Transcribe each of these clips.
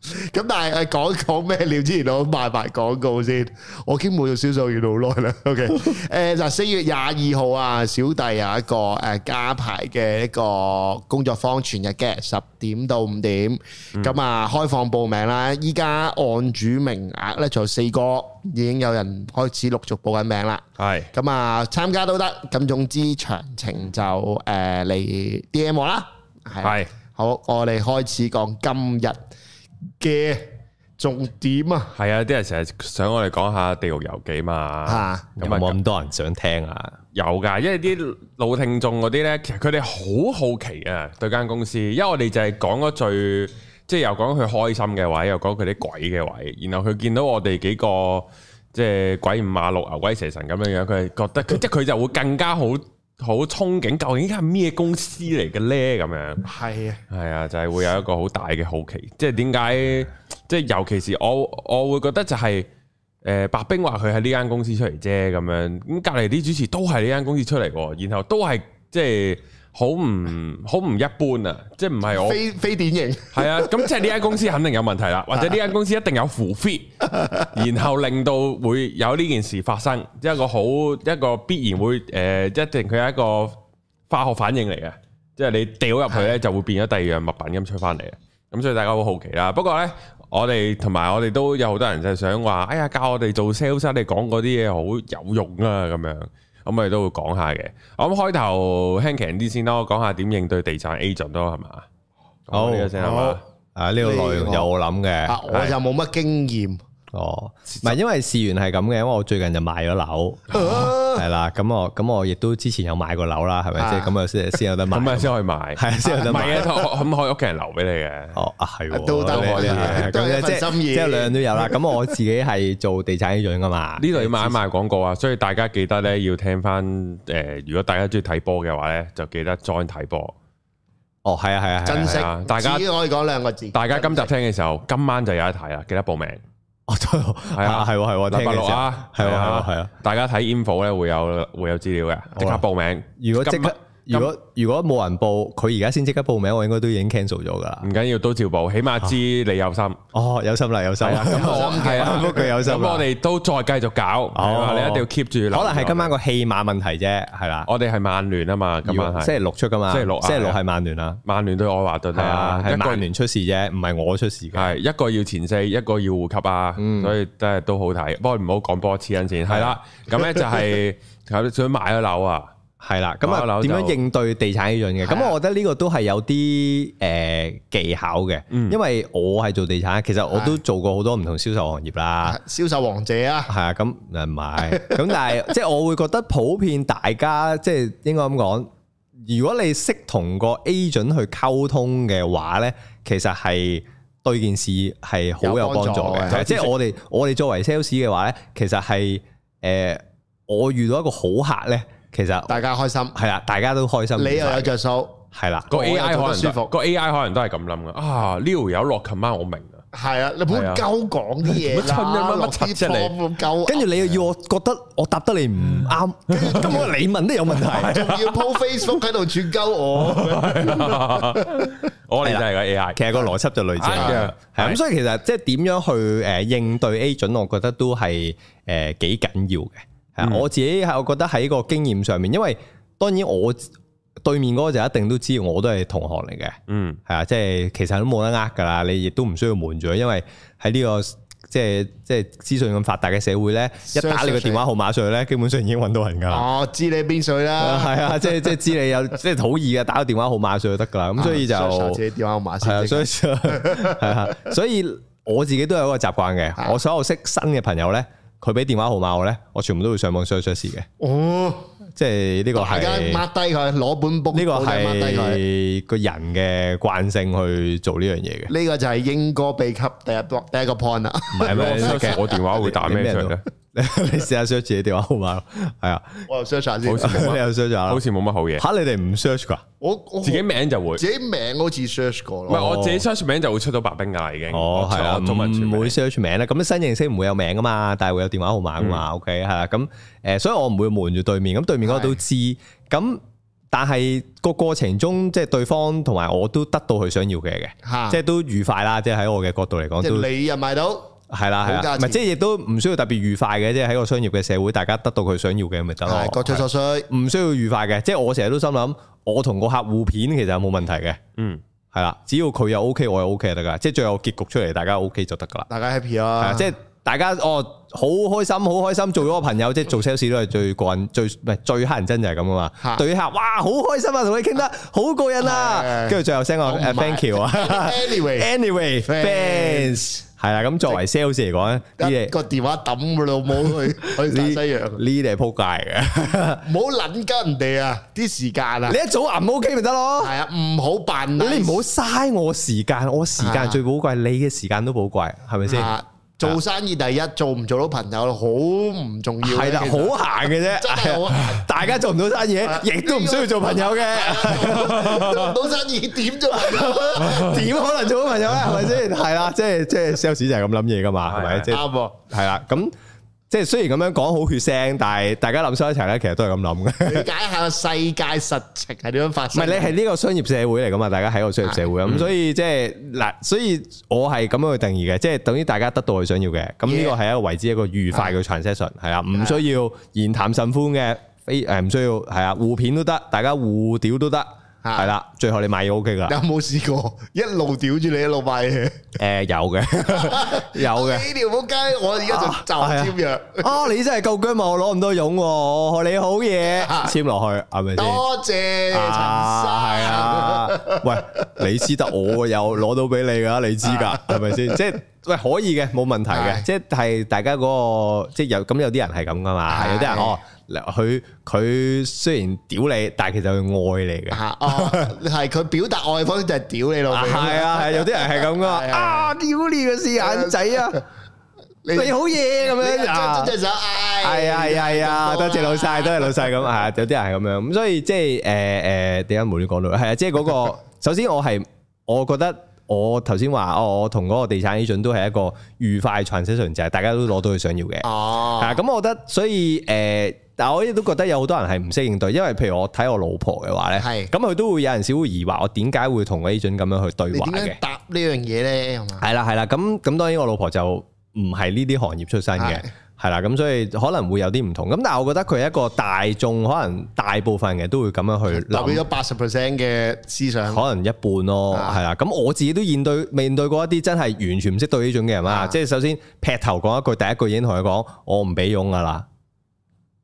咁但係誒，講講咩料之前，我賣埋廣告先。我兼冇做銷售員好耐啦。OK，誒，嗱，四月廿二號啊，小弟有一個誒加牌嘅一個工作坊，全日嘅十點到五點。咁啊，開放報名啦。依家按主名額咧，就四個，已經有人開始陸續報緊名啦。係咁啊，參加都得。咁總之詳情就誒，嚟 DM 我啦。係好，我哋開始講今日嘅重點啊，係啊，啲人成日想我哋講下《地獄遊記》嘛，咁、啊、樣有冇咁多人想聽啊？有噶，因為啲老聽眾嗰啲咧，其實佢哋好好奇啊，對間公司，因為我哋就係講咗最，即係又講佢開心嘅位，又講佢啲鬼嘅位，然後佢見到我哋幾個即係鬼五馬六牛鬼蛇神咁樣樣，佢係覺得佢即係佢就會更加好。好憧憬，究竟依家係咩公司嚟嘅呢？咁樣係啊，係啊，就係、是、會有一個好大嘅好奇，即係點解？即係尤其是我，我會覺得就係、是、誒、呃、白兵話佢係呢間公司出嚟啫，咁樣咁隔離啲主持都係呢間公司出嚟喎，然後都係即係。好唔好唔一般啊？即係唔係我非非典型係啊？咁即係呢間公司肯定有問題啦， 或者呢間公司一定有付費，然後令到會有呢件事發生，即一個好一個必然會誒、呃，一定佢係一個化學反應嚟嘅，即係你掉入去咧就會變咗第二樣物品咁出翻嚟，咁 所以大家好好奇啦。不過咧，我哋同埋我哋都有好多人就係想話，哎呀教我哋做 sales，你講嗰啲嘢好有用啊咁樣。咁我哋都會講下嘅。我諗開頭輕輕啲先咯，講下點應對地產 agent 咯，係嘛？oh？好呢個先係嘛？啊呢個內容有我諗嘅，我就冇乜經驗。哦，唔係，因為事緣係咁嘅，因為我最近就賣咗樓，係啦，咁我咁我亦都之前有買過樓啦，係咪先？咁啊先先有得賣，先可以賣，係啊，先有得賣咁可以屋企人留俾你嘅。哦，啊，係，都得我啲嘢，咁即係心意，即係兩樣都有啦。咁我自己係做地產一樣噶嘛，呢度要賣一賣廣告啊，所以大家記得咧要聽翻誒，如果大家中意睇波嘅話咧，就記得 join 睇波。哦，係啊，係啊，珍惜大家，我哋講兩個字，大家今集聽嘅時候，今晚就有得睇啦，記得報名。哦，係啊，係喎，係喎，聽嘅時候，係啊，大家睇 info 咧會有會有資料嘅，即刻報名，如果即刻如果如果冇人報，佢而家先即刻報名，我應該都已經 cancel 咗噶。唔緊要，都照報，起碼知你有心。哦，有心啦，有心啦，咁我啊，佢有心。我哋都再繼續搞。你一定要 keep 住。可能係今晚個戲碼問題啫，係啦。我哋係曼聯啊嘛，咁啊係。星期六出噶嘛，星期六，星期六係曼聯啊。曼聯對愛華頓啊，係曼聯出事啫，唔係我出事。係一個要前四，一個要護級啊，所以都係都好睇。不過唔好講波次因先。係啦，咁咧就係想買咗樓啊。係啦，咁啊點樣應對地產 agent 嘅？咁的我覺得呢個都係有啲誒技巧嘅，嗯、因為我係做地產，其實我都做過好多唔同銷售行業啦，銷售王者啊，係啊，咁唔係，咁 但係即係我會覺得普遍大家即係應該咁講，如果你識同個 agent 去溝通嘅話咧，其實係對件事係好有幫助嘅。即係我哋我哋作為 sales 嘅話咧，其實係誒、呃、我遇到一個好客咧。其實大家開心係啦，大家都開心。你又有着數，係啦，個 AI 可能舒服，個 AI 可能都係咁諗噶。啊，呢回有落琴晚，我明啊。係啊，你唔好鳩講啲嘢啦，乜柒出嚟咁溝？跟住你又要我覺得我答得你唔啱，根本你問都有問題。要 po Facebook 喺度轉鳩我，我哋就係個 AI。其實個邏輯就類似嘅，係咁。所以其實即係點樣去誒應對 agent，我覺得都係誒幾緊要嘅。Um. 我自己係，我覺得喺個經驗上面，因為當然我對面嗰個就一定都知道，我都係同學嚟嘅。嗯，係啊，即係其實都冇得呃噶啦，你亦都唔需要瞞住，因為喺呢、這個即係即係資訊咁發達嘅社會咧，一打你個電話號碼上去咧，基本上已經揾到人噶啦。哦，知你邊水啦，係 啊，即係即係知你有，即係好易嘅，打個電話號碼上去得噶啦。咁、啊、所以就，啊、電話號碼是 所以，所以我自己都有一個習慣嘅， 我所有識新嘅朋友咧。佢俾電話號碼我咧，我全部都會上網 search search 嘅。哦，即係呢個係大家抹低佢，攞本簿。呢個係抹低佢個人嘅慣性去做呢樣嘢嘅。呢個就係鷹哥秘笈第一，第一個 point 啦。唔係咩？ 我，我電話會打咩出你你試下 search 自己電話號碼咯，係啊，我又 search 下先，你又 search 下，好似冇乜好嘢。吓，你哋唔 search 噶？我我自己名就會，自己名好似 search 過咯。唔係我自己 search 名就會出到白兵噶，已經。哦，係啊，唔唔會 search 名咧。咁新認識唔會有名噶嘛，但係會有電話號碼噶嘛。OK，係啦。咁誒，所以我唔會瞞住對面，咁對面嗰個都知。咁但係個過程中，即係對方同埋我都得到佢想要嘅嘢嘅，吓，即係都愉快啦。即係喺我嘅角度嚟講，即係你又賣到。係啦，係啦，唔係即係亦都唔需要特別愉快嘅，即係喺個商業嘅社會，大家得到佢想要嘅咪得咯。各取所需唔需要愉快嘅，即係我成日都心諗，我同個客戶片其實冇問題嘅，嗯，係啦，只要佢又 OK，我又 OK 得噶，即係最後結局出嚟，大家 OK 就得噶啦。大家 happy 啊，即係大家哦，好開心，好開心，做咗個朋友，即係做 sales 都係最個人，最唔係最乞人憎就係咁啊嘛。對客哇，好開心啊，同你傾得好過癮啦，跟住最後先講 thank you 啊。Anyway，anyway，fans 係啦，咁作為 sales 嚟講咧，個電話抌佢都冇去去大西洋呢啲係仆街嘅，唔好撚鳩人哋啊，啲時間啊，你一早唔 OK 咪得咯，係啊，唔好扮，你唔好嘥我時間，我時間最寶貴，啊、你嘅時間都寶貴，係咪先？啊做生意第一，做唔做到朋友好唔重要啊，係啦，好閒嘅啫。 真係好閒，大家做唔到生意，亦 都唔需要做朋友嘅。 做唔到生意點做啊？點 可能做好朋友咧？係咪先？係啦吧，即係即係 sales 就係咁諗嘢噶嘛？係咪？即係，啱，係啦，咁。即係雖然咁樣講好血腥，但係大家諗收一齊咧，其實都係咁諗嘅。理解下個世界實情係點樣發生？唔係你係呢個商業社會嚟噶嘛？大家喺個商業社會咁，的所以即係嗱，嗯、所以我係咁樣去定義嘅，即係等於大家得到佢想要嘅。咁呢個係一個為之一個愉快嘅 transaction 係啊，唔需要言談甚歡嘅，誒唔需要係啊，互片都得，大家互屌都得。係啦，最後你買嘢 OK 噶？有冇試過一路屌住你一路買嘢？誒，有嘅，有嘅。呢條仆街，我而家就就簽約。哦，你真係夠薑茂攞咁多勇，我你好嘢簽落去係咪先？多謝陳生。係啊，喂，你知得我有攞到俾你噶，你知噶係咪先？即係喂，可以嘅，冇問題嘅。即係大家嗰個即係有咁有啲人係咁噶嘛？係有啲人哦。佢佢雖然屌你，但係其實佢愛你嘅。係佢表達愛方式就係屌你老味。係啊係，有啲人係咁噶。啊屌你個四眼仔啊！你好嘢咁樣，隻隻手唉！係啊係啊，多謝老細，多謝老細咁啊。有啲人咁樣，咁所以即係誒誒點解無端端講到？係啊，即係嗰個首先我係我覺得。我頭先話，我同嗰個地產 agent 都係一個愉快嘅談商場，就係大家都攞到佢想要嘅。哦、啊，咁我覺得，所以誒，但、呃、我亦都覺得有好多人係唔識應對，因為譬如我睇我老婆嘅話咧，係咁佢都會有陣時會疑惑，我點解會同 agent 咁樣去對話嘅，答呢樣嘢咧係嘛？係啦係啦，咁咁當然我老婆就唔係呢啲行業出身嘅。係啦，咁所以可能會有啲唔同，咁但係我覺得佢係一個大眾，可能大部分嘅都會咁樣去。留意咗八十 percent 嘅思想，可能一半咯，係啦、啊。咁我自己都面對面對過一啲真係完全唔識對呢種嘅人啊！即係首先劈頭講一句，第一句已經同佢講，我唔俾佣噶啦。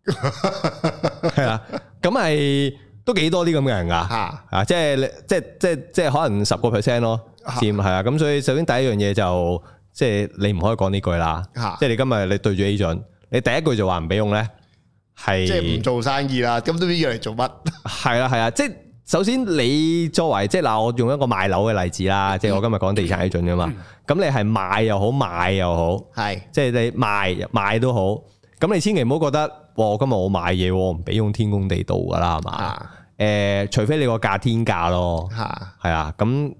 係啦， 咁係都幾多啲咁嘅人噶嚇啊，啊、就是！即係即即即可能十個 percent 咯，掂係啊，啊！咁所以首先第一樣嘢就。即係你唔可以講呢句啦，即係是 你今日你對住 A 準，你第一句就話唔俾用咧，係即係唔做生意啦，咁都依樣嚟做乜？係啦係啊，即係、啊、首先你作為即係嗱，我用一個賣樓嘅例子啦，即係我今日講地產 A 準噶嘛，咁、嗯、你係賣又好買又好，係是即係你賣買都好，咁你千祈唔好覺得，哇我今日我買嘢唔俾用天公地道噶啦，係嘛、啊？誒、欸，除非你個價天價咯，吓係啊，咁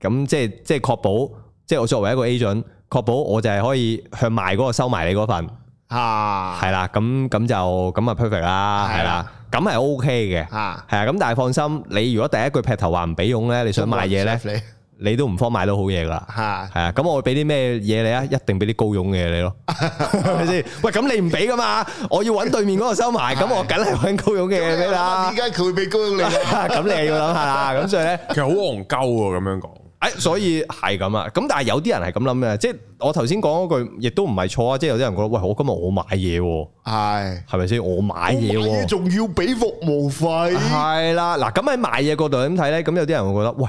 咁即係即係確保。即係我作為一個 agent，確保我就係可以去賣嗰個收埋你嗰份啊，係啦，咁咁就咁啊 perfect 啦，係啦，咁係 OK 嘅啊，係啊，咁但係放心，你如果第一句劈頭話唔俾佣咧，你想買嘢咧，你都唔慌買到好嘢噶啦，係啊，咁我會俾啲咩嘢你啊？一定俾啲高佣嘅你咯，係咪先？喂，咁你唔俾噶嘛？我要揾對面嗰個收埋，咁我梗係揾高佣嘅嘢啦。點解佢會俾高佣你啊？咁你又要諗下啦。咁所以咧，其實好戇鳩喎，咁樣講。誒、欸，所以係咁啊，咁但係有啲人係咁諗嘅，即係我頭先講嗰句，亦都唔係錯啊！即係有啲人覺得，喂，我今日我買嘢，係係咪先？我買嘢，仲要俾服務費，係啦。嗱，咁喺買嘢角度點睇咧？咁有啲人會覺得，喂，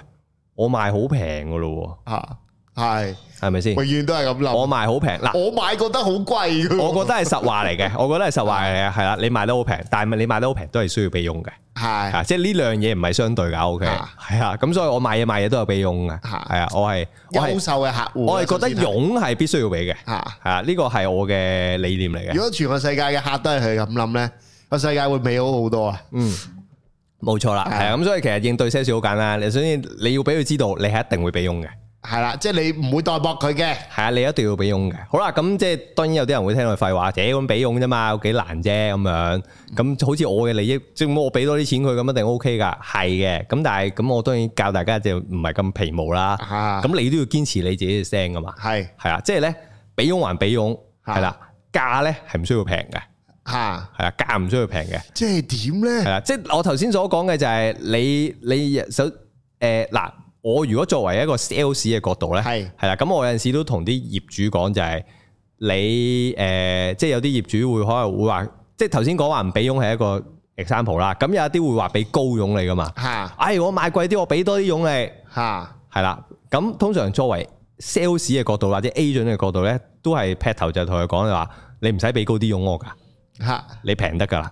我賣好平噶咯，啊。係，係咪先？永遠都係咁諗。我賣好平嗱，我買覺得好貴嘅。我覺得係實話嚟嘅，我覺得係實話嚟嘅，係啦。你賣得好平，但係咪你賣得好平都係需要俾佣嘅。係啊，即係呢兩樣嘢唔係相對噶，O K。係啊，咁所以我買嘢買嘢都有俾佣嘅。係啊，我係優秀嘅客戶，我係覺得佣係必須要俾嘅。吓，係啊，呢個係我嘅理念嚟嘅。如果全個世界嘅客都係咁諗咧，個世界會美好好多啊。嗯，冇錯啦，係啊。咁所以其實應對些少好簡單，你首先你要俾佢知道你係一定會俾佣嘅。係啦，即係你唔會代博佢嘅。係啊，你一定要俾佣嘅。好啦，咁即係當然有啲人會聽到廢話，誒咁俾佣啫嘛，幾難啫咁樣。咁好似我嘅利益，即係我俾多啲錢佢咁一定 O K 噶。係嘅。咁但係咁我當然教大家就唔係咁皮毛啦。咁、啊、你都要堅持你自己嘅聲噶嘛。係係的、就是、啊，即係咧俾佣還俾佣，係啦價咧係唔需要平嘅。吓係啊價唔需要平嘅。即係點咧？係啦，即係我頭先所講嘅就係你你首誒嗱。呃呃呃呃呃呃呃呃我如果作為一個 sales 嘅角度咧，係係啦，咁我有陣時都同啲業主講就係，你、呃、誒，即係有啲業主會可能會話，即係頭先講話唔俾佣係一個 example 啦，咁有一啲會話俾高佣你噶嘛，吓的，哎我賣貴啲，我俾多啲佣你，吓的，係啦，咁通常作為 sales 嘅角度或者 agent 嘅角度咧，都係劈頭就同佢講就話，的你唔使俾高啲佣我噶，吓，你平得噶啦。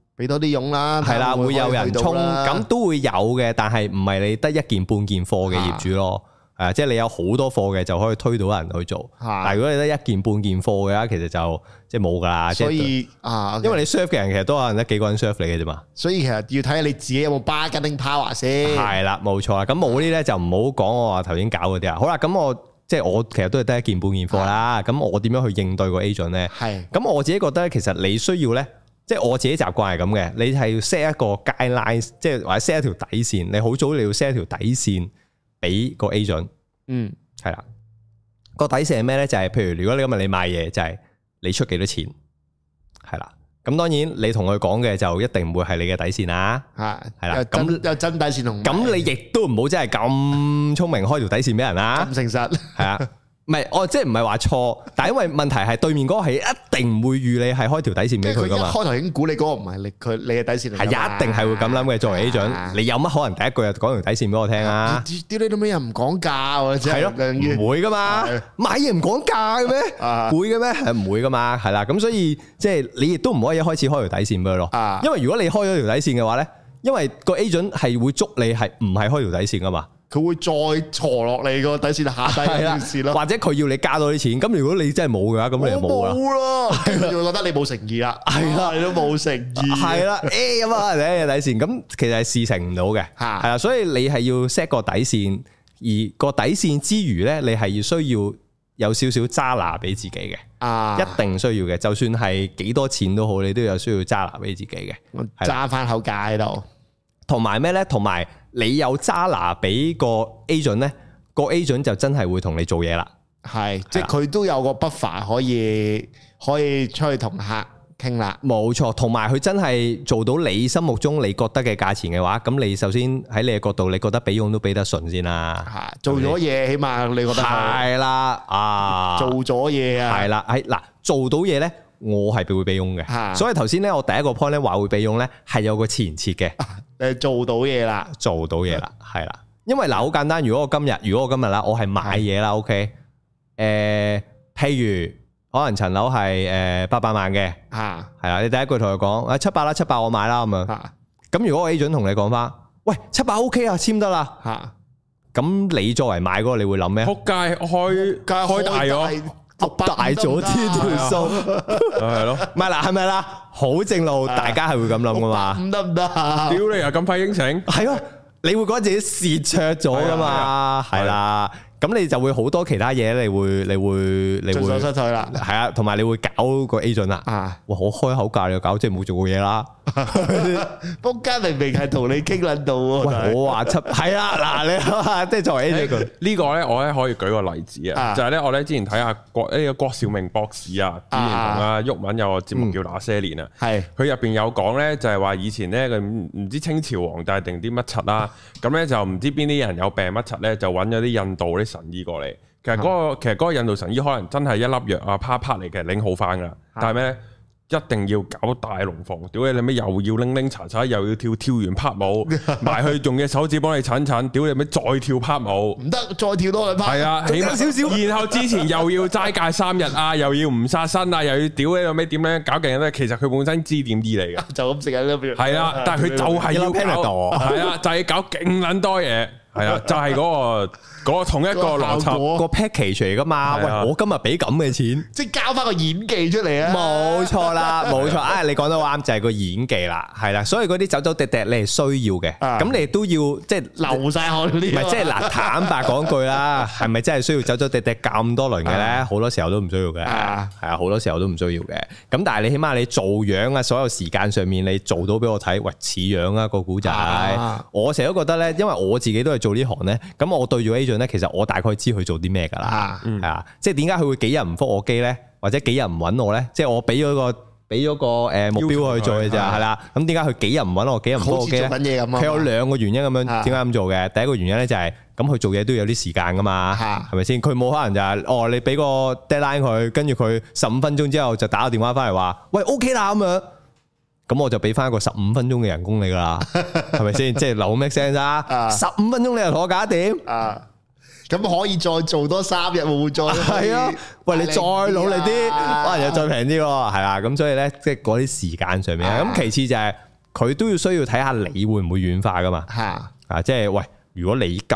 俾多啲傭啦，係啦，會有人充，咁都會有嘅。但係唔係你得一件半件貨嘅業主咯，誒，即係你有好多貨嘅就可以推到人去做。但係如果你得一件半件貨嘅話，其實就即係冇噶啦。所以啊，因為你 serve 嘅人其實都係得幾個人 serve 你嘅啫嘛。所以其實要睇下你自己有冇 bargaining power 先。係啦，冇錯啊。咁冇嗰啲咧就唔好講我話頭先搞嗰啲啊。好啦，咁我即係我其實都係得一件半件貨啦。咁我點樣去應對個 agent 咧？係。咁我自己覺得其實你需要咧。即係我自己習慣係咁嘅，你係要 set 一個 guideline，即係或者 set 一條底線。你好早你要 set 條底線俾個 agent，嗯，係啦。個底線係咩咧？就係、是、譬如如果你今日你賣嘢，就係、是、你出幾多錢，係啦。咁當然你同佢講嘅就一定唔會係你嘅底線啦、啊，係係啦。咁有真底線同咁你亦都唔好真係咁聰明開條底線俾人啦，咁誠實係啊。是的 唔係，哦，即係唔係話錯，但係因為問題係對面嗰個係一定唔會預你係開條底線俾佢噶嘛。即係開頭已經估你嗰個唔係你佢你嘅底線嚟。係，一定係會咁諗嘅。作為 agent 準，啊、你有乜可能第一句又講條底線俾我聽啊？啲、啊、你做咩又唔講價？真係，唔會噶嘛？的買嘢唔講價嘅咩？啊、會嘅咩？係唔會噶嘛？係啦，咁所以即係你亦都唔可以一開始開條底線俾佢咯。因為如果你開咗條底線嘅話咧，因為個 agent 準係會捉你係唔係開條底線噶嘛。佢會再挫落你個底線下底件事咯了，或者佢要你加多啲錢，咁如果你真係冇嘅話，咁你 又冇啦。冇咯，我覺得你冇誠意啦，係啦了，都冇誠意，係啦，誒，咁啊，你，欸、你底線咁其實係事成唔到嘅吓。係啦的，所以你係要 set 個底線，而個底線之餘咧，你係要需要有少少揸拿俾自己嘅啊，一定需要嘅，就算係幾多錢都好，你都有需要揸拿俾自己嘅，揸翻口價喺度，同埋咩咧？同埋。你有揸拿俾個 agent 咧，個 agent 就真係會同你做嘢啦。係，即係佢都有個 buffer，可以可以出去同客傾啦。冇錯，同埋佢真係做到你心目中你覺得嘅價錢嘅話，咁你首先喺你嘅角度你覺得俾佣都俾得順先啦。吓，做咗嘢起碼你覺得。係啦，啊，做咗嘢啊。係啦，喺嗱做到嘢咧。我係會備用嘅，的所以頭先咧，我第一個 point 咧話會備用咧，係有個前提嘅，誒做到嘢啦，做到嘢啦，係啦的，因為嗱好簡單，如果我今日，如果我今日啦，我係買嘢啦的，OK，誒、呃，譬如可能層樓係誒八百萬嘅，啊的，係啦，你第一句同佢講，誒七百啦，七百我買啦，咁樣的，咁如果我 A 準同你講翻，喂，七百 OK 啊，籤得啦，嚇的，咁你作為買嗰個，你會諗咩啊？撲街，開街開大咗。大咗啲條數係咯，咪啦，係咪啦，好正路，啊、大家係會咁諗噶嘛？唔得唔得，屌你又、啊、咁快應承，係咯、啊，你會覺得自己蝕赤咗噶嘛？係啦、啊。咁你就會好多其他嘢，你會你會你會進手失退啦，係啊，同埋你會搞個 A 進啊，哇！我開口價你搞，即係冇做過嘢啦，仆街 明明係同你傾論道喎，我話七係啦，嗱 你即係作為 A 進呢個咧，我咧可以舉個例子啊，就係、是、咧我咧之前睇下郭呢個郭小明博士啊、李連同啊、鬱敏有個節目叫那些年啊，係佢入邊有講咧，就係話以前咧佢唔知清朝皇帝定啲乜柒啦，咁咧就唔知邊啲人有病乜柒咧，就揾咗啲印度啲。神醫過嚟，其實嗰個其實嗰個印度神醫可能真係一粒藥啊啪啪嚟嘅，擰好翻噶啦。的但係咩一定要搞大龍鳳，屌你！你咩又要拎拎查查，又要跳跳完啪舞，埋 去用隻手指幫你鏟鏟，屌你！你咩再跳啪舞？唔得，再跳多兩啪。係啊，起碼少少。然後之前又要齋戒三日啊，又要唔殺生啊，又要屌你！你咩點咧？搞勁都係，其實佢本身知點醫嚟噶，就咁食緊粒藥。係啦，但係佢就係要係 啊，就係、是、搞勁卵多嘢，係啊，就係、是嗰個。個同一個邏輯，個 package 嚟噶嘛？喂，我今日俾咁嘅錢，即係交翻個演技出嚟啊！冇錯啦，冇錯啊！你講得好啱，就係個演技啦，係啦。所以嗰啲走走滴滴你係需要嘅，咁你都要即係流晒汗嗰啲。唔係即係嗱，坦白講句啦，係咪真係需要走走滴滴咁多輪嘅咧？好多時候都唔需要嘅，係啊，好多時候都唔需要嘅。咁但係你起碼你做樣啊，所有時間上面你做到俾我睇，喂，似樣啊個古仔。我成日都覺得咧，因為我自己都係做呢行咧，咁我對住 agent 其實我大概知佢做啲咩噶啦，啊，即係點解佢會幾日唔覆我機咧，或者幾日唔揾我咧？即係我俾咗個俾咗個誒目標去做嘅咋，係啦。咁點解佢幾日唔揾我，幾日唔覆我機？佢有兩個原因咁樣，點解咁做嘅？第一個原因咧就係咁，佢做嘢都要有啲時間噶嘛，係咪先？佢冇可能就係哦，你俾個 deadline 佢，跟住佢十五分鐘之後就打個電話翻嚟話，喂，OK 啦咁樣，咁我就俾翻一個十五分鐘嘅人工你噶啦，係咪先？即係留咩聲咋？十五分鐘你又同我搞掂啊？咁可以再做多三日，會唔會再？係啊，喂，你再努力啲，啊、可能又再平啲喎，係啊。咁、啊、所以咧，即係嗰啲時間上面。咁其次就係佢都要需要睇下你會唔會軟化噶嘛。係啊，啊，即係喂，如果你急，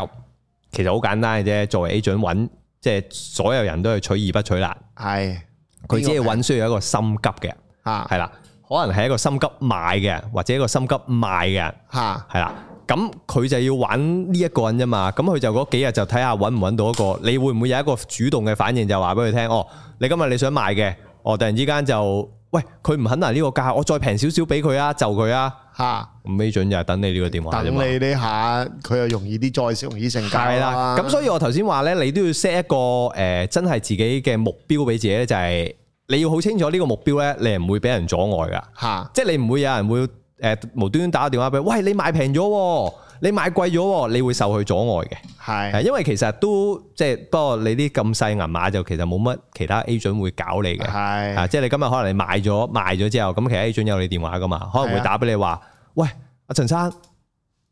其實好簡單嘅啫。作為 agent 揾，即係所有人都係取易不取難。係、啊，佢只係揾需要一個心急嘅。啊，係啦、啊，可能係一個心急買嘅，或者一個心急賣嘅。嚇、啊，係啦。咁佢就要揾呢一個人啫嘛，咁佢就嗰幾日就睇下揾唔揾到一個，你會唔會有一個主動嘅反應就話俾佢聽，哦，你今日你想賣嘅，哦，突然之間就，喂，佢唔肯啊呢個價，我再平少少俾佢啊，就佢啊，吓，咁呢種又係等你呢個電話。等你呢下，佢又容易啲再少容易成交、啊。係啦，咁所以我頭先話咧，你都要 set 一個誒、呃，真係自己嘅目標俾自己，就係、是、你要好清楚呢個目標咧，你唔會俾人阻礙噶，吓、啊，即係你唔會有人會。誒，無端端打個電話俾我，喂，你賣平咗，你賣貴咗，你會受佢阻礙嘅，係、啊，因為其實都即係，不過你啲咁細銀碼就其實冇乜其他 agent 會搞你嘅，係、啊，即係、啊就是、你今日可能你賣咗賣咗之後，咁其他 agent 有你電話噶嘛，可能會打俾你話，喂，阿陳生，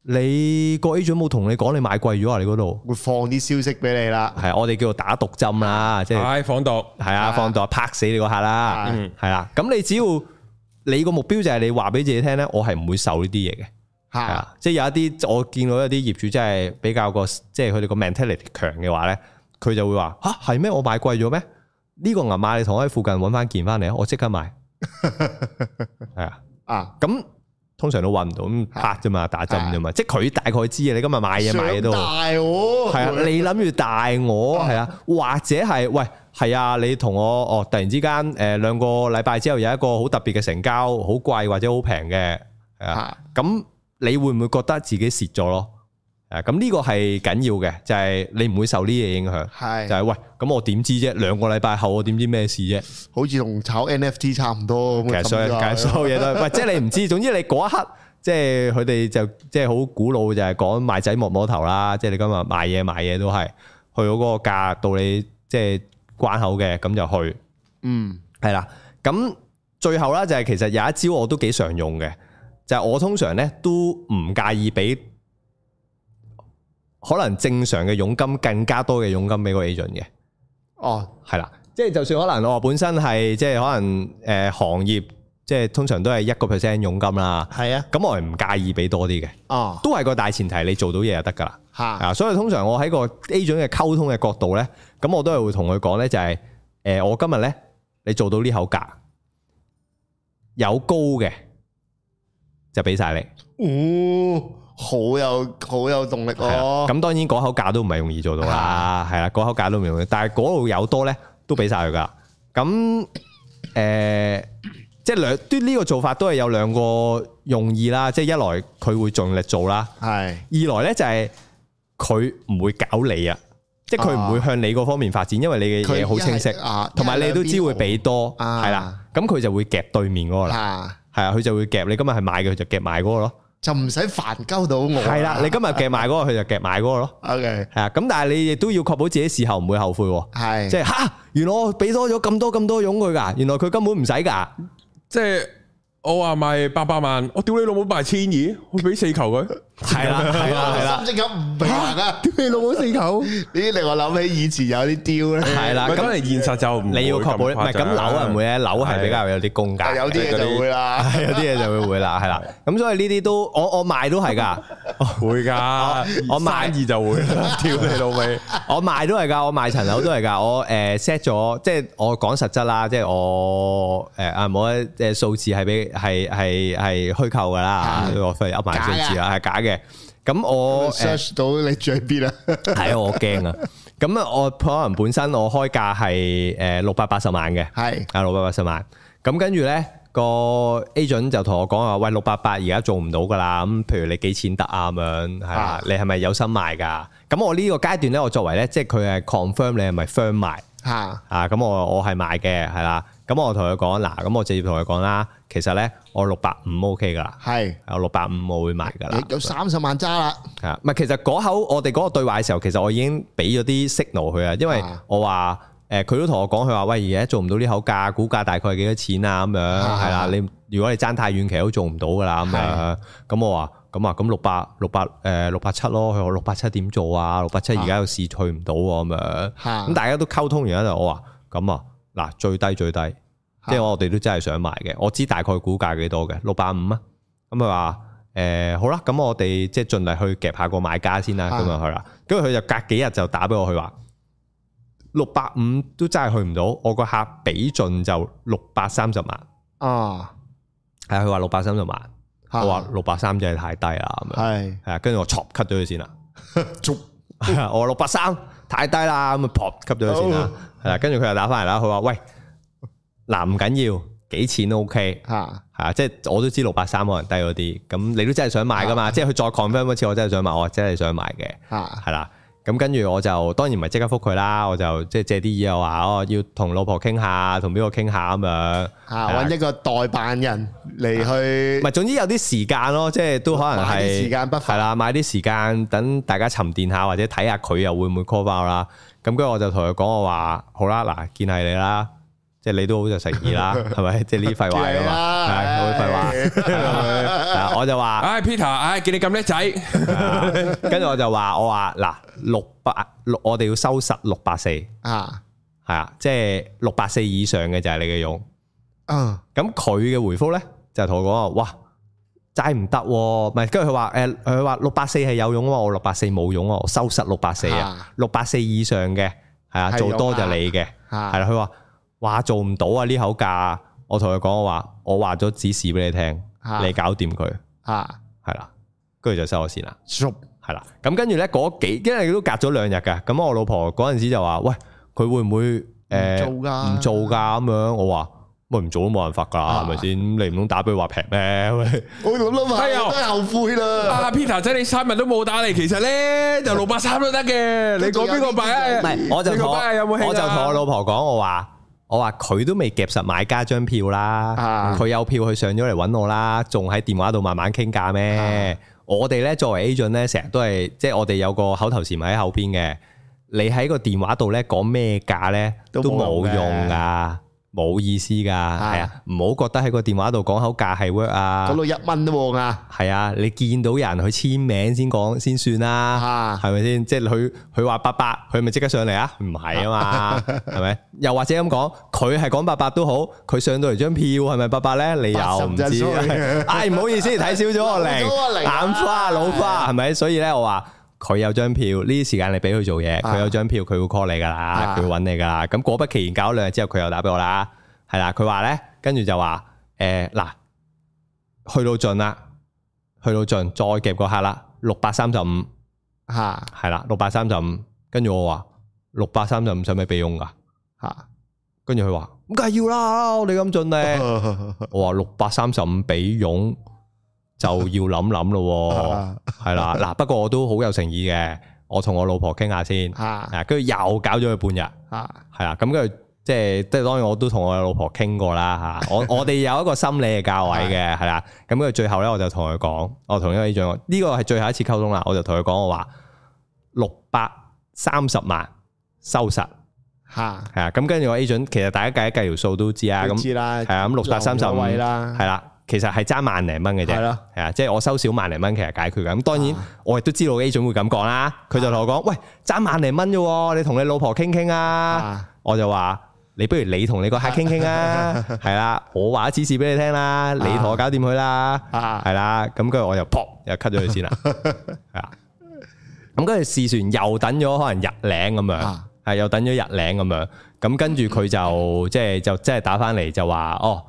你個 agent 冇同你講你賣貴咗啊，你嗰度會放啲消息俾你啦，係，我哋叫做打毒針啦，即、就、係、是哎，放毒，係啊，放毒，拍、啊、死你個客、啊嗯嗯、啦，係啊，咁你只要。你個目標就係你話俾自己聽咧，我係唔會受呢啲嘢嘅，係啊，即係、就是、有一啲我見到一啲業主真係比較個即係佢哋個 mentality 強嘅話咧，佢就會話吓？係、啊、咩？我買貴咗咩？呢、這個銀碼你同我喺附近揾翻件翻嚟 吧啊！我即刻買係啊啊！咁通常都揾唔到，拍啫嘛，啊、打針啫嘛，啊、即係佢大概知啊。你今日買嘢買嘢都係啊， 你諗住大我係啊，或者係喂。係啊，你同我哦，突然之間誒，兩個禮拜之後有一個好特別嘅成交，好貴或者好平嘅，係啊，咁你會唔會覺得自己蝕咗咯？誒，咁呢個係緊要嘅，就係你唔會受呢嘢影響，係就係喂，咁我點知啫？兩個禮拜後我點知咩事啫？好似同炒 NFT 差唔多，其實所有嘢，所有嘢都，喂，即係你唔知，總之你嗰一刻，即係佢哋就即係好古老，就係講賣仔莫摸頭啦，即係你今日賣嘢賣嘢都係去到嗰個價，到你即係。關口嘅，咁就去，嗯，係啦，咁最後咧，就係其實有一招我都幾常用嘅，就係、是、我通常咧都唔介意俾可能正常嘅佣金更加多嘅佣金俾個 agent 嘅，哦，係啦的，即係就算可能我本身係即係可能誒、呃、行業。即係通常都係一個 percent 佣金啦，係啊，咁我係唔介意俾多啲嘅，哦，都係個大前提，你做到嘢就得噶啦，嚇，啊，所以通常我喺個 agent 嘅溝通嘅角度咧，咁我都係會同佢講咧，就係誒，我今日咧你做到呢口價有高嘅就俾晒你，哦，好有好有動力哦、啊。咁、啊、當然嗰口價都唔係容易做到啦，係啦、啊，嗰、啊、口價都唔容易，但係嗰度有多咧都俾晒佢噶，咁誒。呃即係兩都呢個做法都係有兩個用意啦，即係一來佢會盡力做啦，係二來咧就係佢唔會搞你啊，即係佢唔會向你嗰方面發展，因為你嘅嘢好清晰，同埋你都知會俾多係啦，咁佢就會夾對面嗰個啦，係啊，佢就會夾你今日係買嘅，佢就夾埋嗰個咯，就唔使煩鳩到我，係啦，你今日夾埋嗰個，佢就夾埋嗰個咯，OK，係啊，咁但係你亦都要確保自己事後唔會後悔，係即係吓，原來我俾多咗咁多咁多佣佢噶，原來佢根本唔使噶。即係我話賣八百萬，我屌你老母賣千二，我畀四球佢。係啦，係啦，係啦！四口唔平啊，屌你老母四口！呢令我諗起以前有啲丟咧。係啦，咁你現實就你要確保咧，唔係咁樓係唔會咧，樓係比較有啲公價。有啲嘢就會啦，係有啲嘢就會會啦，係啦。咁所以呢啲都我我賣都係噶，會噶，我買二就會啦，屌你老味！我賣都係噶，我賣層樓都係噶，我誒 set 咗，即係我講實質啦，即係我誒啊冇啊，即係數字係俾係係係虛構噶啦，我費噏埋數字啊，係假嘅。咁我 search 到你最邊啦，係啊，我驚啊，咁啊，我可能本身我開價係誒六百八十萬嘅，係六百八十萬，咁跟住咧個 agent 就同我講話，喂，六百八而家做唔到噶啦，咁譬如你幾錢得啊，咁樣係啊，你係咪有心賣噶？咁我呢個階段咧，我作為咧，即係佢係 confirm 你係咪 firm 賣，吓啊，咁我我係賣嘅，係啦。咁我同佢講嗱，咁我直接同佢講啦。其實咧，我六百五 OK 噶啦，係我六百五我會賣噶啦，有三十萬揸啦。係咪？其實嗰口我哋嗰個對話嘅時候，其實我已經俾咗啲 signal 佢啊。因為我話誒，佢都同我講，佢話喂，而家做唔到呢口價，股價大概係幾多錢啊？咁樣係啦。你如果你爭太遠其實都做唔到噶啦咁樣。咁我話咁啊，咁六百六百誒六百七咯。佢話六百七點做啊？六百七而家又試取唔到啊咁樣。咁大家都溝通完啦。我話咁啊。嗱，最低最低，即係我哋都真係想買嘅，我知大概估價幾多嘅，六百五啊，咁佢話誒好啦，咁我哋即係盡力去夾下個買家先啦、啊，咁是的 就去啦。跟住佢就隔幾日就打俾我，佢話六百五都真係去唔到，我個客俾盡就六百三十萬啊，係佢話六百三十萬，我話六百三真係太低啦，咁、啊、樣係，係啊是的，跟住我撮 cut 咗佢先啦，撮，我話六百三，太低啦，咁咪 p 吸咗佢先啦，係啦、oh.，跟住佢又打翻嚟啦，佢話喂，嗱唔緊要，幾錢都 OK 吓，係啊、uh.，即係我都知六百三可能低咗啲，咁你都真係想買噶嘛，即係佢再 confirm 一次，我真係想買，我真係想買嘅，啊、uh.，係啦。咁跟住我就當然唔係即刻覆佢啦，我就即係借啲嘢話，我要同老婆傾下，同邊個傾下咁樣，啊搵的一個代辦人嚟去，唔係、啊、總之有啲時間咯，即係都可能係，係啦買啲時間等大家沉澱下或者睇下佢又會唔會 call 爆 a 啦。咁跟住我就同佢講我話，好啦，嗱，見係你啦。即係你都好就誠意啦，係咪？ 即係呢啲廢話噶嘛，係好廢話。啊，我就話，唉，Peter，唉，見你咁叻仔，跟住我就話，我話嗱，六百六，我哋要收實六百四啊，係啊，即係六百四以上嘅就係你嘅佣。啊，咁佢嘅回覆咧就同我講啊，哇，齋唔得，唔係，跟住佢話，誒，佢話六百四係有用啊，我六百四冇用啊，我收實六百四啊，六百四以上嘅係啊，做多就係你嘅，係啦，啊，佢話吧。話做唔到啊！呢口價，我同佢講我話，我話咗指示俾你聽，你搞掂佢，係啦，啦，跟住就收我線啦，係啦。咁跟住咧嗰幾，因為都隔咗兩日嘅。咁我老婆嗰陣時就話，喂，佢會唔會誒做噶？唔、欸、做噶咁樣？我話，喂，唔做都冇辦法噶，係咪先？你唔通打俾佢話劈咩？哎、我諗諗下，都後悔啦、哎啊。Peter 仔，你三日都冇打你。其實咧就六百三都得嘅。你講邊個 buy 係，有有我就同我就同我老婆講，我話。我話佢都未夾實買家張票啦，佢、嗯、有票佢上咗嚟揾我啦，仲喺電話度慢慢傾價咩？嗯、我哋咧作為 agent 咧，成日都係即係我哋有個口頭禪喺後邊嘅，你喺個電話度咧講咩價咧都冇用㗎。冇意思噶，係啊的，唔好覺得喺個電話度講口價係 work 啊，講到一蚊都旺啊，係啊，你見到人去簽名先講先算啦，係咪先？即係佢佢話八百，佢咪即刻上嚟啊？唔係啊嘛，係咪？又或者咁講，佢係講八百都好，佢上到嚟張票係咪八百咧？你又唔知？唉，唔、 哎、好意思，睇少咗我嚟，眼 花老花係咪？ 所以咧，我話。佢有張票，呢啲時間你俾佢做嘢。佢、啊、有張票，佢會 call 你噶啦，佢會搵你噶啦。咁果不其然，搞兩日之後，佢又打俾我啦。係啦，佢話咧，跟住就話誒，嗱、欸，去到盡啦，去到盡再夾嗰刻啦，六百三十五吓，係啦，六百三十五。跟住我話六百三十五使咪俾佣噶吓，跟住佢話咁梗係要啦，你咁盡咧。我話六百三十五俾佣。就要諗諗咯，係啦，嗱，不過我都好有誠意嘅，我同我老婆傾下先，啊，跟住又搞咗佢半日，啊，係啦，咁跟住，即係當然我都同我老婆傾過啦，吓，我我哋有一個心理嘅價位嘅，係啦，咁跟住最後咧我就同佢講，我同呢個 agent 呢個係最後一次溝通啦，我就同佢講我話六百三十萬收實，吓，係啊，咁跟住我 agent 其實大家計一計條數都知啊，咁，係啊，咁六百三十，係啦。其實係爭萬零蚊嘅啫，係啊了，即係我收少萬零蚊，其實解決咁。當然我亦都知道 A 總會咁講啦，佢就同我講：喂，爭萬零蚊啫，你同你老婆傾傾啊。 我就話：你不如你同你個客傾傾啊，係啦。 我話一次示俾你聽啦，你同我搞掂佢啦，係啦。 咁跟住我就扑又 cut 咗佢先啦，係。咁跟住試船又等咗可能日領咁樣，係又等咗日領咁樣。咁跟住佢就即係就即係打翻嚟，就話：哦，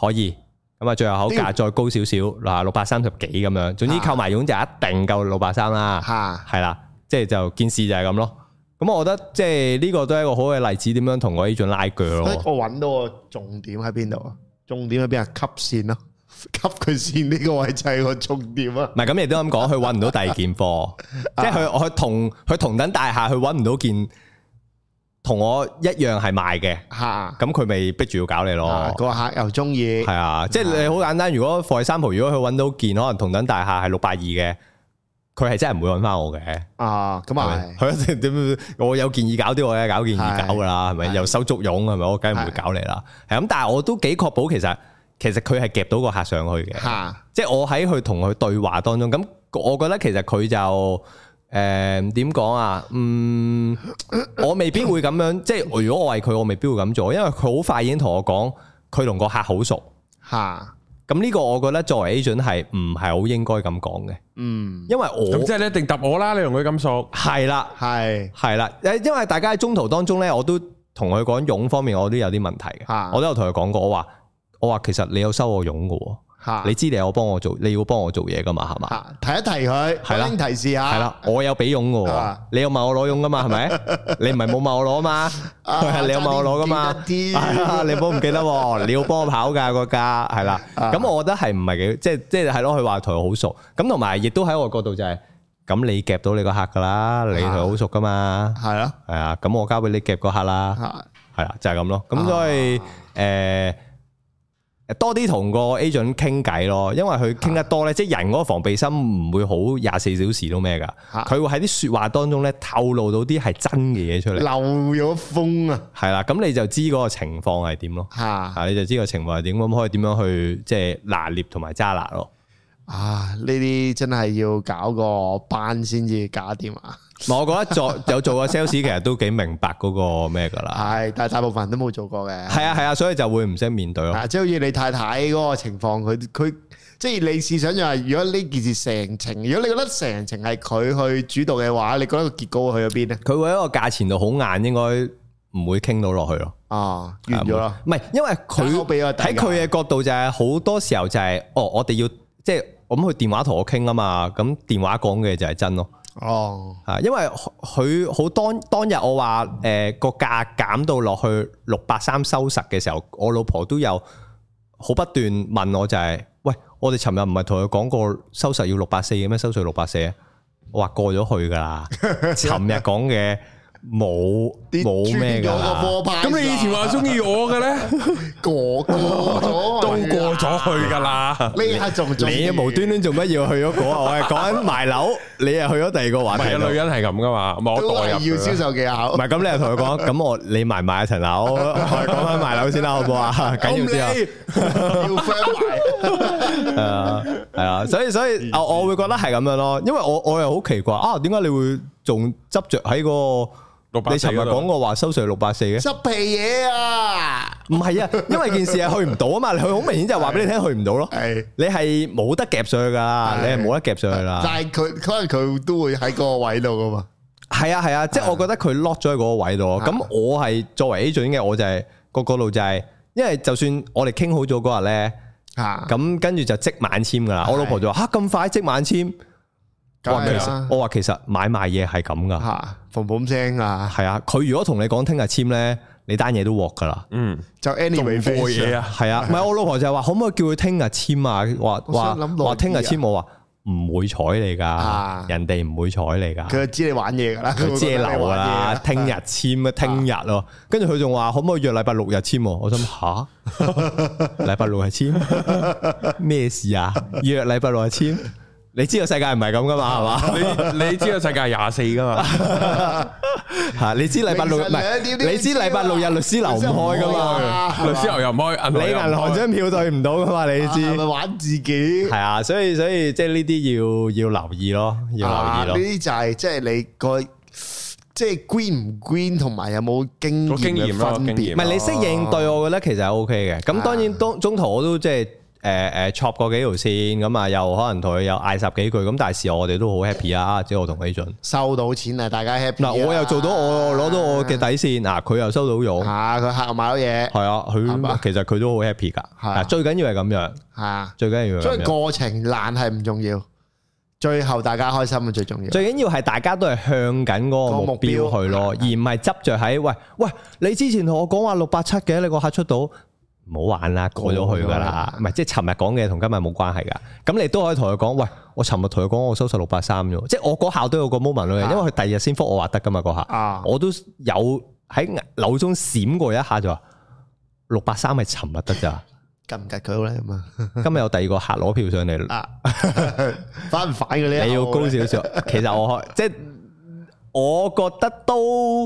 可以。咁啊，最後口價再高少少，嗱六百三十幾咁樣，總之扣埋佣就一定夠六百三啦，係、啊、啦，即係就件事就係咁咯。咁我覺得即係呢個都係一個好嘅例子，點樣同我呢種拉鋸咯。我搵到個重點喺邊度？重點喺邊啊？吸線咯，吸佢線呢個位就係個重點啊。唔係咁亦都咁講，佢搵唔到第二件貨， 啊、即係佢佢同佢同等大廈，佢搵唔到件。同我一樣係賣嘅。嚇，咁佢咪逼住要搞你咯？個客又中意，係啊，即係你好簡單。如果放喺三浦，如果佢揾到件，可能同等大廈係六百二嘅，佢係真係唔會揾翻我嘅。啊，咁啊，佢點？我有建議搞啲，我嘅搞建議搞噶啦，係咪？又收足傭，係咪？我梗係唔會搞你啦。係咁，但係我都幾確保，其實其實佢係夾到個客上去嘅。嚇，即係我喺佢同佢對話當中，咁我覺得其實佢就。誒，點講、呃、啊？嗯，我未必會咁樣，即係如果我係佢，我未必會咁做，因為佢好快已經同我講，佢同個客好熟吓。咁呢的個我覺得作為 agent 係唔係好應該咁講嘅，嗯，因為我即係你一定答我啦，你同佢咁熟，係啦的，係係啦，誒，因為大家喺中途當中咧，我都同佢講佣方面我都有啲問題嘅，的我都有同佢講過，我話我話其實你有收我佣嘅喎。吓，你知你有幫我做，你要幫我做嘢噶嘛，係嘛？提一提佢，係啦，提示下，係啦，我有俾佣噶，你有問我攞佣噶嘛，係咪？你唔係冇問我攞嘛？你有問我攞噶嘛？你唔好唔記得，你要幫我跑噶個家，係啦。咁我覺得係唔係幾，即係即係係咯，佢話台好熟。咁同埋亦都喺我角度就係，咁你夾到你個客噶啦，你同佢好熟噶嘛？係咯，係啊。咁我交俾你夾個客啦，係啦，就係咁咯。咁所以誒。多啲同個 agent 傾偈咯，因為佢傾得多咧，啊、即係人嗰個防備心唔會好，廿四小時都咩噶，佢、啊、會喺啲說話當中咧透露到啲係真嘅嘢出嚟，漏咗風啊，係啦，咁你就知嗰個情況係點咯，吓、啊，你就知個情況係點，咁可以點樣去即係、就是、拿捏同埋揸拿咯，啊，呢啲真係要搞個班先至搞掂啊。 我覺得做 有做過 sales，其實都幾明白嗰個咩㗎啦。係，但係大部分人都冇做過嘅。係啊，係啊，所以就會唔識面對咯。即係好似你太太嗰個情況，佢佢即係你試想就係，如果呢件事成程，如果你覺得成程係佢去主導嘅話，你覺得個結果會去咗邊咧？佢會喺一個價錢度好硬，應該唔會傾到落去咯。啊，完咗啦。唔係，因為佢喺佢嘅角度就係、是、好多時候就係、是，哦，我哋要即係咁去電話同我傾啊嘛。咁電話講嘅就係真咯。哦，啊，oh. 因為佢好當當日我話誒個價減到落去六百三收實嘅時候，我老婆都有好不斷問我就係、是，喂，我哋尋日唔係同佢講過收實要六百四嘅咩？收實要六百四啊，我話過咗去噶啦，尋日講嘅。冇啲冇咩，咁你以前話中意我嘅，咧，過過咗都過咗去噶啦，你無端端做乜要去咗講啊？我係講緊賣樓，你又去咗第二個話題。女人係咁噶嘛，我好代入。要銷售技巧，唔係咁你又同佢講咁我你賣埋一層樓，我係講返賣樓先啦，好唔好啊？緊要啲啊！要翻賣，係啊係啊，所以所以我我會覺得係咁樣咯，因為我我又好奇怪啊，點解你會仲執着喺個？你尋日講過話收稅六百四嘅，十皮嘢啊！唔係啊，因為件事係去唔到啊嘛，佢好明顯就係話俾你聽去唔到咯。係，你係冇得夾上去噶，你係冇得夾上去啦。但係佢可能佢都會喺個位度噶嘛。係啊係啊，即係我覺得佢 lock 咗喺嗰個位度。咁我係作為 A 準嘅，我就係個個路就係，因為就算我哋傾好咗嗰日咧，嚇咁跟住就即晚簽噶啦。我老婆就話嚇咁快即晚簽。我話其實買賣嘢係咁噶，砰砰聲啊！係啊、佢、啊、如果同你講聽日簽咧，你單嘢都握噶啦。嗯，就 anyway 嘢啊，係、嗯、啊，唔係、啊、我老婆就係話可唔可以叫佢聽日簽啊？話話話聽日簽，我話唔會睬你噶，人哋唔會睬你噶。佢知你玩嘢噶啦，佢借流噶啦。聽日簽啊，聽日咯。跟住佢仲話可唔可以約禮拜六日簽，啊？我想吓，禮、啊、拜 六日簽咩 事啊？約禮拜六日簽。 你知道世界唔係咁噶嘛，係嘛？你你知道世界廿四噶嘛？吓，你知禮拜六唔係？你知禮拜六日律師樓唔開噶嘛？律師樓又又唔開，你銀行張票對唔到噶嘛？你知咪玩自己？係啊，所以所以即係呢啲要要留意咯，要留意咯。呢啲就係即係你個即係 green 唔 green 同埋有冇經驗嘅分別。唔係你識應對，我覺得其實係 OK 嘅。咁當然當中途我都即係。誒誒，撮、呃呃、過幾條線咁啊，又可能同佢又嗌十幾句，咁但係事我哋都好 happy 啊，即我同 A 俊收到錢啊，大家 happy 嗱、啊，我又做到我攞、啊、到我嘅底線，嗱、啊、佢又收到咗，吓佢客買咗嘢，係啊，佢、啊啊、其實佢都好 happy 噶，最緊要係咁樣，係啊，最緊要，啊、要所以過程難係唔重要，最後大家開心啊最重要，最緊要係大家都係向緊嗰個目標去咯，而唔係執着喺喂喂，你之前同我講話六百七嘅，你個客出到。唔好玩啦，過咗去噶啦，唔係、哦、即係尋日講嘅同今日冇關係噶。咁你都可以同佢講，喂，我尋日同佢講我收拾六百三啫，即係我嗰下都有個 moment 咯，因為佢第二日先復我話得噶嘛嗰下，啊、我都有喺腦中閃過一下就話六百三咪尋日得咋，夾唔夾佢好咧咁啊？今日有第二個客攞票上嚟，翻唔翻嘅咧？ 你要高少少， 其實我開即係我覺得都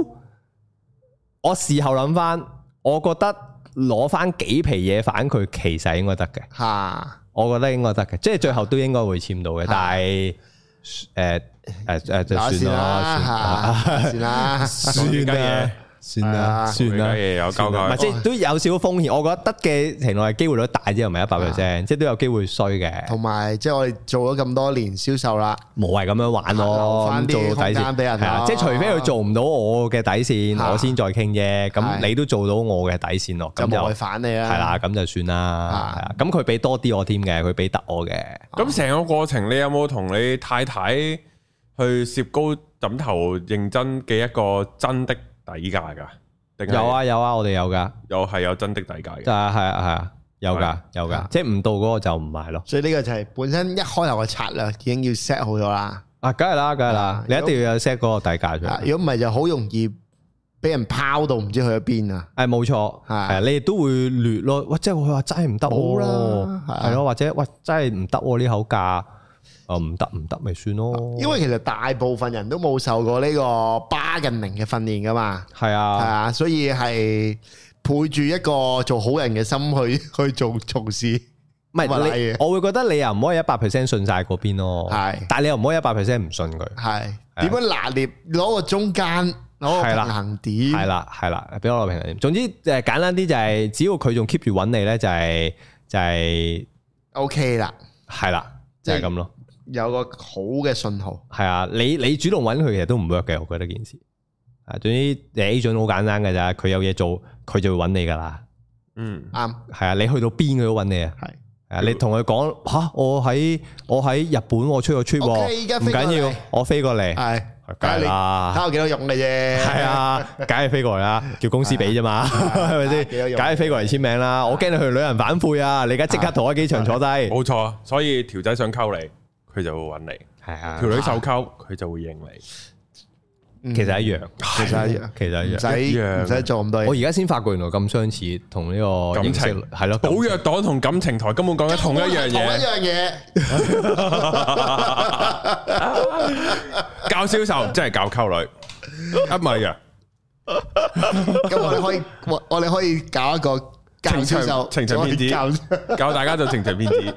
我事後諗翻，我覺得。攞翻幾皮嘢反佢，其實應該得嘅。嚇的，我覺得應該得嘅，即係最後都應該會簽到嘅。的但係，誒誒誒，就算啦，算啦，算啦。算啦，算啦，嘢有交代。唔係即係都有少風險，我覺得得嘅情況係機會率大啲，又唔係一百 percent，即係都有機會衰嘅。同埋即係我哋做咗咁多年銷售啦，無謂咁樣玩咯，做底線俾人睇。即係除非佢做唔到我嘅底線，我先再傾啫。咁你都做到我嘅底線咯，咁就唔會反你啦。係啦，咁就算啦。咁佢俾多啲我添嘅，佢俾得我嘅。咁成個過程，你有冇同你太太去攝高枕頭認真嘅一個真的？底價噶，有啊有啊，我哋有噶，有，係有真的底價嘅。啊係啊係啊，有噶有噶，即係唔到嗰個就唔買咯。所以呢個就係本身一開頭嘅策略已經要 set 好咗啦。啊，梗係啦，梗係啦，你一定要有 set 嗰個底價出嚟。如果唔係，就好容易俾人拋到唔知去咗邊啊。誒，冇錯，係啊，你亦都會劣咯。喂，即係佢話真係唔得，係咯，或者喂真係唔得呢口價。哦，唔得唔得咪算咯。因為其實大部分人都冇受過呢個 bargaining 嘅訓練噶嘛。係啊，係啊，所以係配住一個做好人嘅心去去做做事。唔係你，我會覺得你又唔可以一百 percent 信晒嗰邊咯。係，但係你又唔可以一百 percent 唔信佢。係，點樣拿捏？攞個中間，攞個平衡點。係啦，係啦，俾我個平衡點。總之，誒，簡單啲就係，只要佢仲 keep 住揾你咧，就係就係 OK 啦。係啦，就係咁咯。有個好嘅信號，係啊！你你主動揾佢其實都唔 work 嘅，我覺得件事啊。總之 A 準好簡單嘅咋，佢有嘢做，佢就會揾你噶啦。嗯，啱。係啊，你去到邊佢都揾你啊。係，你同佢講吓，我喺我喺日本，我出咗出，唔緊要，我飛過嚟係。梗係啦，睇下幾多用嚟啫。係啊，梗係飛過嚟啊，叫公司俾啫嘛，係咪先？梗係飛過嚟簽名啦，我驚你去旅行反悔啊！你而家即刻同我喺機場坐低。冇錯，所以條仔想溝你。佢就會揾你，係啊，條女受溝佢就會認你，其實一樣，其實一樣，其實一樣，唔使做咁多嘢。我而家先發覺原來咁相似，同呢個感情係咯，寶藥黨同感情台根本講緊同一樣嘢，一樣嘢。教銷售即係教溝女，係咪啊？咁我哋可以，我我哋可以搞一個。情場情騙子教大家就情場騙子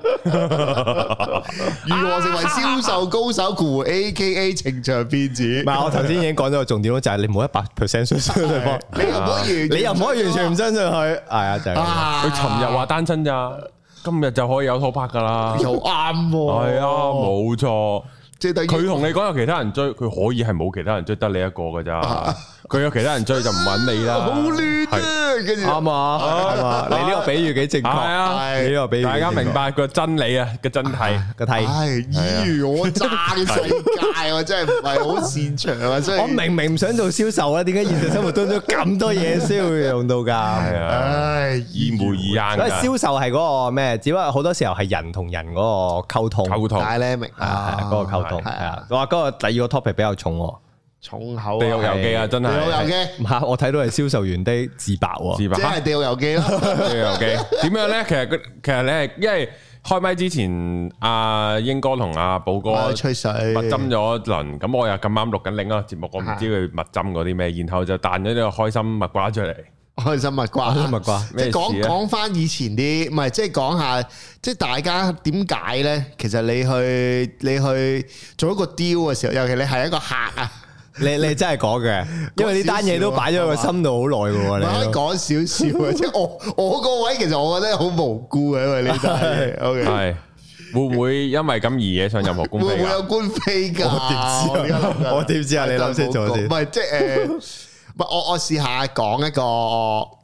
如何成為銷售高手？A K A 情場騙子。唔係我頭先已經講咗個重點咯，就係你冇一百 percent 相信對方，你唔可以，你又唔可以完全唔相信佢。係啊，就係佢尋日話單身咋，今日就可以有拖拍噶啦，又啱。係啊，冇錯。即係佢同你講有其他人追，佢可以係冇其他人追，得你一個噶咋。佢有其他人追就唔搵你啦，好亂啊！跟住啱啊，係嘛？你呢個比喻幾正確？係啊，呢個比喻大家明白個真理啊，個真諦個諦。係，以我渣嘅世界，我真係唔係好擅長啊！所以。我明明唔想做銷售啊，點解現實生活當中咁多嘢需要用到噶？係啊，唉，耳目耳眼。所以銷售係嗰個咩？只不過好多時候係人同人嗰個溝通，溝通。解呢明啊，嗰個溝通係啊。我話嗰個第二個 topic 比較重。重口啊！《地獄遊記》啊，真係《地獄遊記》。唔，我睇到係銷售員啲自白喎。自白即係《爆哈地獄遊記》咯，《地獄遊記》點樣咧？其實佢其實咧，因為開咪之前，阿、啊、英哥同阿、啊、寶哥密、哎、吹水，密針咗一輪。咁我又咁啱錄緊另一個節目，我唔知佢密針嗰啲咩。的然後就彈咗呢個開心蜜瓜出嚟。開心蜜瓜，啊、開心蜜瓜。即係講講返以前啲，唔係即係講下，即、就、係、是、大家點解咧？其實你去你去做一個 deal 嘅時候，尤其你係一個客啊！你你真係講嘅，因為呢單嘢都擺咗個心度好耐嘅。小小啊、你講少少，即係 我我個位其實我覺得好無辜嘅，因為呢單嘢。OK，係會唔會因為咁而惹上任何官非？會唔會有官非噶？我點知啊？我點知啊？你諗先，唔係即係唔係？我我試下講一個。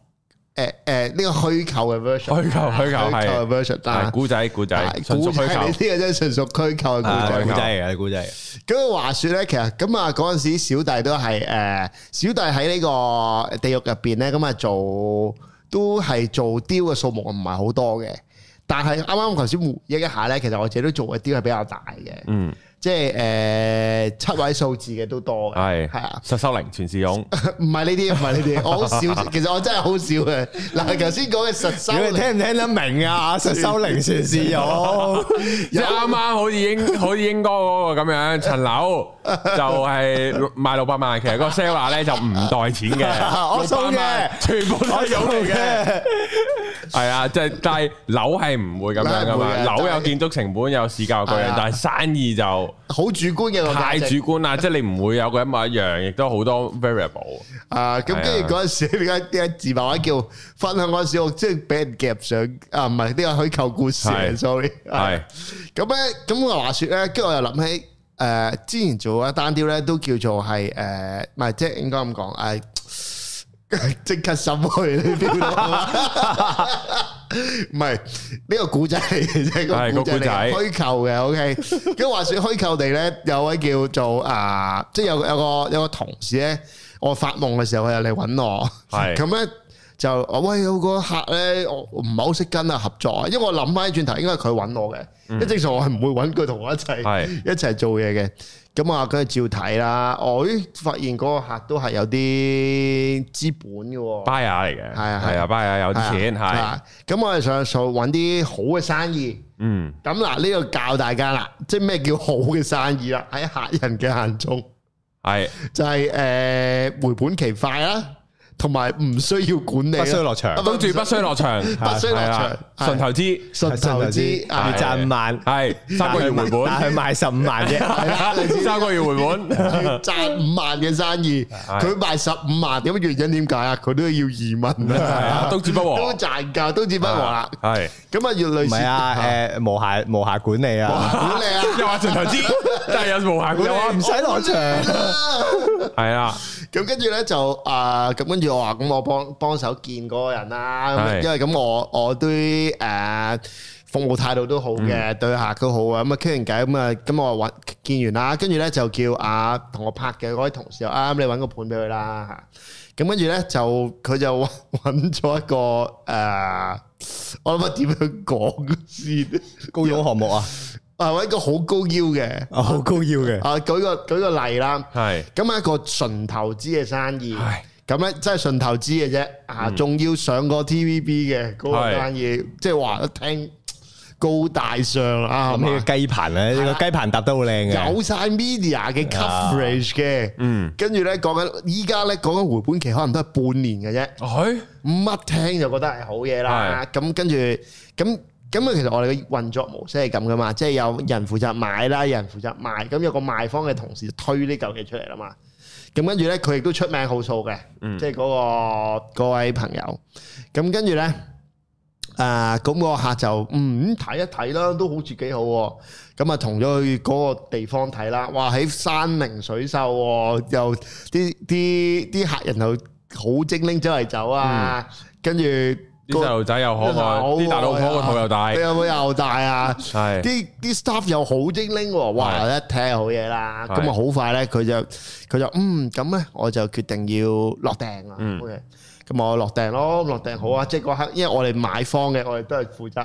誒誒，呢、哎這個虛構嘅 version，虛構虛構係啊，但係古仔古仔，古仔呢個真係純屬虛構嘅古仔嚟嘅古仔。咁、啊、話說咧，其實咁啊，嗰陣時小弟都係誒、呃，小弟喺呢個地獄入邊咧，咁啊做都係做雕嘅數目唔係好多嘅，但係啱啱頭先回憶一下咧，其實我自己都做嘅雕係比較大嘅。嗯。即係誒，七位數字嘅都多嘅，係係啊，實收零全市勇唔係呢啲，唔係呢啲，我好少，其實我真係好少嘅。嗱，頭先講嘅實收零，你聽唔聽得明啊？實收零全市勇，即係啱啱好似英好似英哥嗰個咁樣，層樓就係賣六百萬，其實個 seller 咧就唔袋錢嘅，六百萬全部係勇嚟嘅，係啊，即係但係樓係唔會咁樣噶嘛，樓有建築成本有市價貴，但係生意就。好主觀嘅，太主觀啦！ 即係你唔會有嗰一,一模一樣，亦都好多 variable 啊！咁跟住嗰陣時，點解點解字幕位叫分享嗰陣時，即係俾人夾上啊？唔係呢個虛構故事 sorry 係咁咧，咁我 Sorry,、啊啊、話說咧，跟住我又諗起誒、呃，之前做一單調咧，都叫做係誒，唔係即係應該咁講誒。呃即刻滲去呢邊咯，唔係呢個古仔係真係個古仔虛構嘅。OK，咁話說虛構地咧，有位叫做啊，即係有有個有個同事咧，我發夢嘅時候佢又嚟揾我，係咁咧就啊喂，有個客咧，我唔係好識跟啊合作，因為我諗翻轉頭應該係佢揾我嘅，即係正常我係唔會揾佢同我一齊，係一齊做嘢嘅。咁、哎哦、啊，啊，佢照睇啦。我呢發現嗰個客都係有啲資本嘅，buyer 嚟嘅，係啊係啊，b u buyer 有啲錢，係、啊。咁、啊、我哋上想揾啲好嘅生意。嗯。咁嗱，呢個教大家啦，即係咩叫好嘅生意啦、啊？喺客人嘅眼中，係是就係、是、誒、呃、回本期快啦、啊。同埋唔需要管理，等住不需落場，不需落場，純投資，純投資，賺五萬係三個月回本，但係賣十五萬嘅係啦，三個月回本賺五萬嘅生意，佢賣十五萬，咁原因點解啊？佢都要移民啦，冬至不和，都賺夠，都至不和啦，係咁啊，要類似唔係啊，誒，無暇無暇管理啊，管理啊，又話純投資。真係有無限，嗰啲來，有啊，唔使攞槍啊，係啊，咁跟住咧就誒，咁跟住我話，咁我幫幫手見嗰個人啊，是的 因為咁我我都誒、呃、服務態度都好嘅，嗯、對客都好啊，咁啊傾完偈咁啊，咁我揾見完啦，跟住咧就叫阿同我拍嘅嗰位同事，啱啱你揾個盤俾佢啦吓，咁跟住咧就佢就揾咗一個誒，我諗下點樣講先，高勇項行目啊。 係一個好高 yield 嘅，好高 yield 嘅。啊，舉個舉個例啦，係咁係一個純投資嘅生意，咁咧即係純投資嘅啫。啊，仲要上個 TVB 嘅個生意，即係話聽高大上啊。咁呢個雞棚咧，呢個雞棚搭得好靚嘅，有晒 media 嘅 coverage 嘅。嗯，跟住咧講緊依家咧講緊回本期可能都係半年嘅啫。係，乜聽就覺得係好嘢啦。咁跟住咁。咁啊，其實我哋嘅運作模式係咁噶嘛，即係有人負責買啦，有人負責賣，咁有個賣方嘅同事就推呢嚿嘢出嚟啦嘛。咁跟住咧，佢亦都出名好數嘅，即係嗰個嗰位朋友。咁跟住咧，啊咁個客就嗯睇一睇啦，都好似幾好。咁啊，同咗去嗰個地方睇啦。哇，喺山明水秀，又啲啲啲客人然後好精靈走嚟走啊，跟住。啲細路仔又可愛，啲大老婆個肚又大，佢你個又大啊！係啲啲 staff 又好精靈，哇，一睇好嘢啦，咁啊好快咧，佢就佢就嗯咁咧，我就決定要落訂啦！OK，咁我落訂咯，落訂好啊！即嗰刻，因為我哋買方嘅，我哋都係負責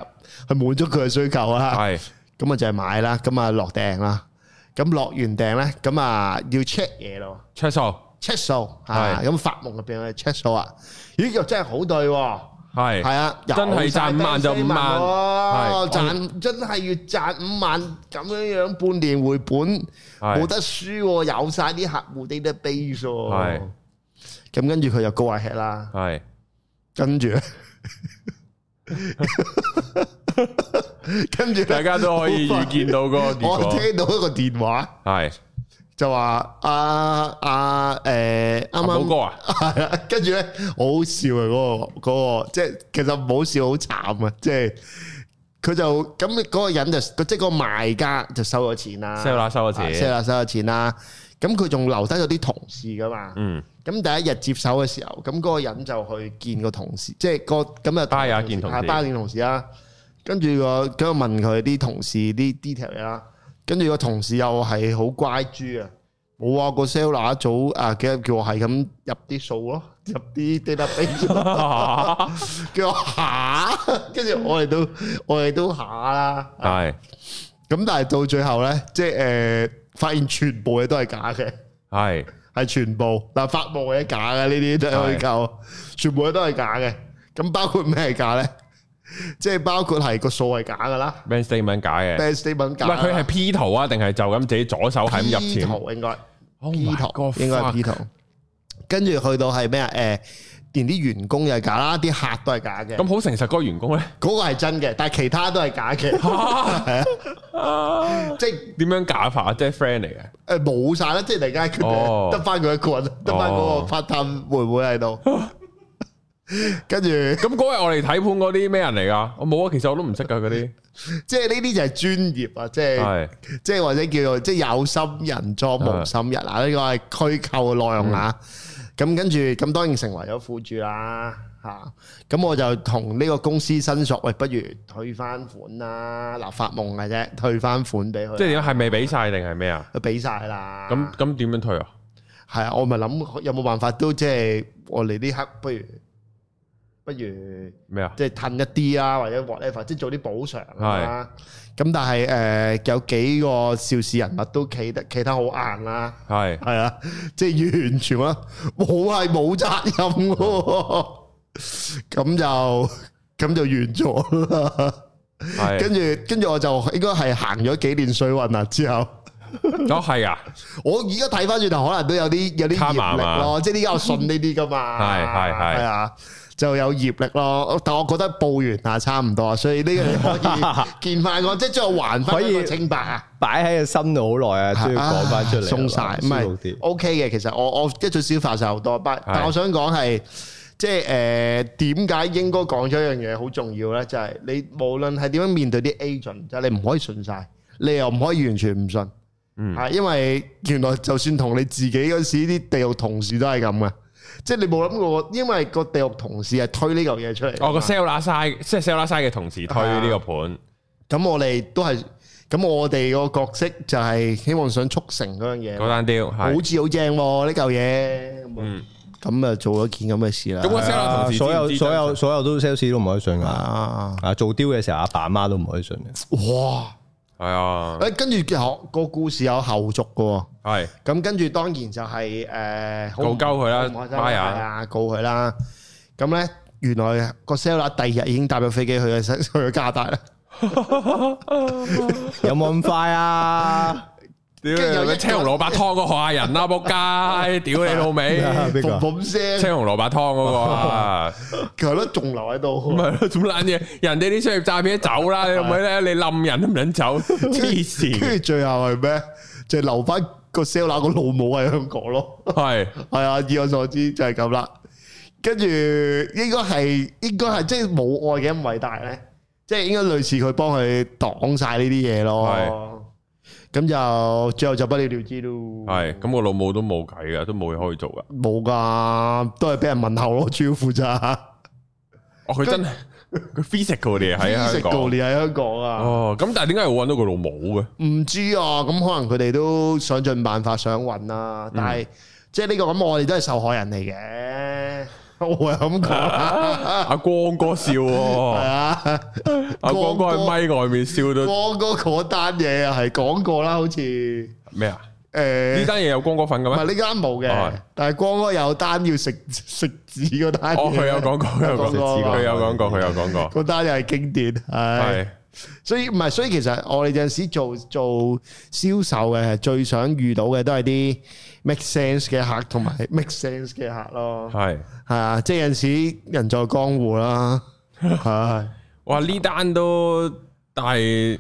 去滿足佢嘅需求啊！係咁啊，就係買啦，咁啊落訂啦，咁落完訂咧，咁啊要 check 嘢咯，check 數 check 數吓，咁發夢入面嘅 check 數啊！咦，又真係好對。係係啊，真係賺五萬就五萬，係賺賺我真係要賺五萬咁樣樣，半年回本冇是得輸、哦，有晒啲客戶啲啲 base 係、哦，咁是跟住佢又高下吃啦。係，跟住，跟住呢大家都可以預見到、那個結果。 我聽到一個電話。係。就話阿阿誒，啱啱，係啦，跟住咧，好好笑啊！嗰個嗰個，即係其實唔好笑，好慘啊！即係佢就咁，嗰個人就即係個賣家就收咗錢啦，收咗錢，收咗錢啦。咁佢仲留低咗啲同事噶嘛？嗯。咁第一日接手嘅時候，咁嗰個人就去見個同事，即係個咁又帶下見同事，帶下見同事啦。跟住個咁又問佢啲同事啲 detail 啦。跟住個同事又係好乖豬啊！冇啊，個 seller 一早啊，佢叫我係咁入啲數咯，入啲 database 咯，叫我下。跟住我哋都我哋都下啦。係。咁但係到最後咧，即係誒，發現全部嘢都係假嘅。係，係全部嗱，發布嘅假嘅呢啲都係虛構，全部嘢都係假嘅。咁包括咩係假咧？即係包括係個數假噶啦，statement 假嘅，statement 假，唔係佢係 P 圖啊，定係就咁自己左手喺入前，P 圖應該，P 圖應該係 P 圖，跟住去到係咩啊？誒，連啲員工又係假啦，啲客都係假嘅。咁好誠實嗰個員工咧，嗰個係真嘅，但係其他都係假嘅。即係點樣假法？即係 friend 嚟嘅。誒，冇晒啦，即係大家得翻佢一個人，得翻嗰個 part time 妹妹喺度。跟住，咁嗰日我哋睇盤嗰啲咩人嚟噶？我冇啊，其實我都唔識噶嗰啲，即係呢啲就係專業啊，即係，即係或者叫做即係有心人作無心人啊，呢個係虛構嘅內容啊。咁跟住，咁當然成為咗輔助啦吓。咁我就同呢個公司申索，喂，不如退翻款啦，嗱，發夢嘅啫，退翻款俾佢。即係點啊？係未俾晒定係咩啊？都俾晒啦。咁咁點樣退啊？係啊，我咪諗有冇辦法都即係我哋呢刻不如。不如咩啊？即係褪一啲啊，或者 whatever，或者做啲補償，係啊。咁但係誒，有幾個肇事人物都企得企得好硬啦。係係啊，即係完全啊，冇係冇責任。咁就咁就完咗啦。係，跟住跟住，我就應該係行咗幾年水運啊之後，都係啊。我而家睇翻轉頭，可能都有啲有啲業力咯，即係我信呢啲噶嘛。係係係啊。就有業力咯，但係我覺得報完啊，差唔多，所以呢個你可以見翻我，即係將我還翻個清白，擺喺個心度好耐啊，都要講翻出嚟，鬆曬，舒服啲。OK 嘅，其實我我一早消化曬好多，但係我想講係，即係誒點解應該講咗一樣嘢好重要咧？就係你無論係點樣面對啲 agent，就係你唔可以信曬，你又唔可以完全唔信，嗯啊，因為原來就算同你自己嗰時啲地獄同事都係咁嘅。即係你冇諗過，因為個地獄同事係推呢嚿嘢出嚟。哦，個 seller side，即係 seller side 嘅同事推呢個盤。咁我哋都係，咁我哋個角色就係希望想促成嗰樣嘢。果丹雕，好似好正喎呢嚿嘢。嗯，咁啊做咗件咁嘅事啦。咁個 seller 同事，所有所有所有都 sales 都唔可以信噶。啊，做雕嘅時候，阿爸阿媽都唔可以信嘅。哇，係啊。誒，跟住結果個故事有後續噶。係，咁跟住當然就係誒告鳩佢啦，巴呀告佢啦。咁咧原來個 seller 第二日已經搭咗飛機去去加拿大啦。有冇咁快啊？屌，有啲青紅蘿蔔湯個河下人啦，仆街！屌你老味，砰砰聲，青紅蘿蔔湯嗰個，佢都仲留喺度。唔係，做乜嘢？人哋啲商業債畀走啦，你唔好咧，你冧人都唔準走，黐線。跟住最後係咩？就留翻。個 sell 佬個老母喺香港咯，係係啊，以我所知就係咁啦。跟住應該係應該係即係母愛嘅咁偉大咧，即係應該類似佢幫佢擋晒呢啲嘢咯。係咁就最後就不了了之咯。係咁個老母都冇計噶，都冇嘢可以做噶，冇噶，都係俾人問候，主要負責。哦，佢真係。.佢 physical 啲喺香港，physical 喺香港啊！哦，咁但係點解我搵到佢老母嘅？唔知啊，咁可能佢哋都想盡辦法想搵啦、啊。但係即係呢個咁，我哋都係受害人嚟嘅。我係咁講，阿光哥笑、啊，阿、 啊、光哥喺咪 在哥外面笑到。光哥嗰單嘢係講過啦，好似咩啊？誒，呢單嘢，有光哥份嘅咩？唔係呢單冇嘅，但係光哥有單要食食紙嗰單。哦，佢有講過，有講過，佢有講過，佢有講過。嗰單又係經典，係，所以唔係，所以其實我哋有陣時做做銷售嘅，最想遇到嘅都係啲 make sense 嘅客，同埋 make sense 嘅客咯。係係啊，即係有陣時人在江湖啦。係，哇呢單都～但係，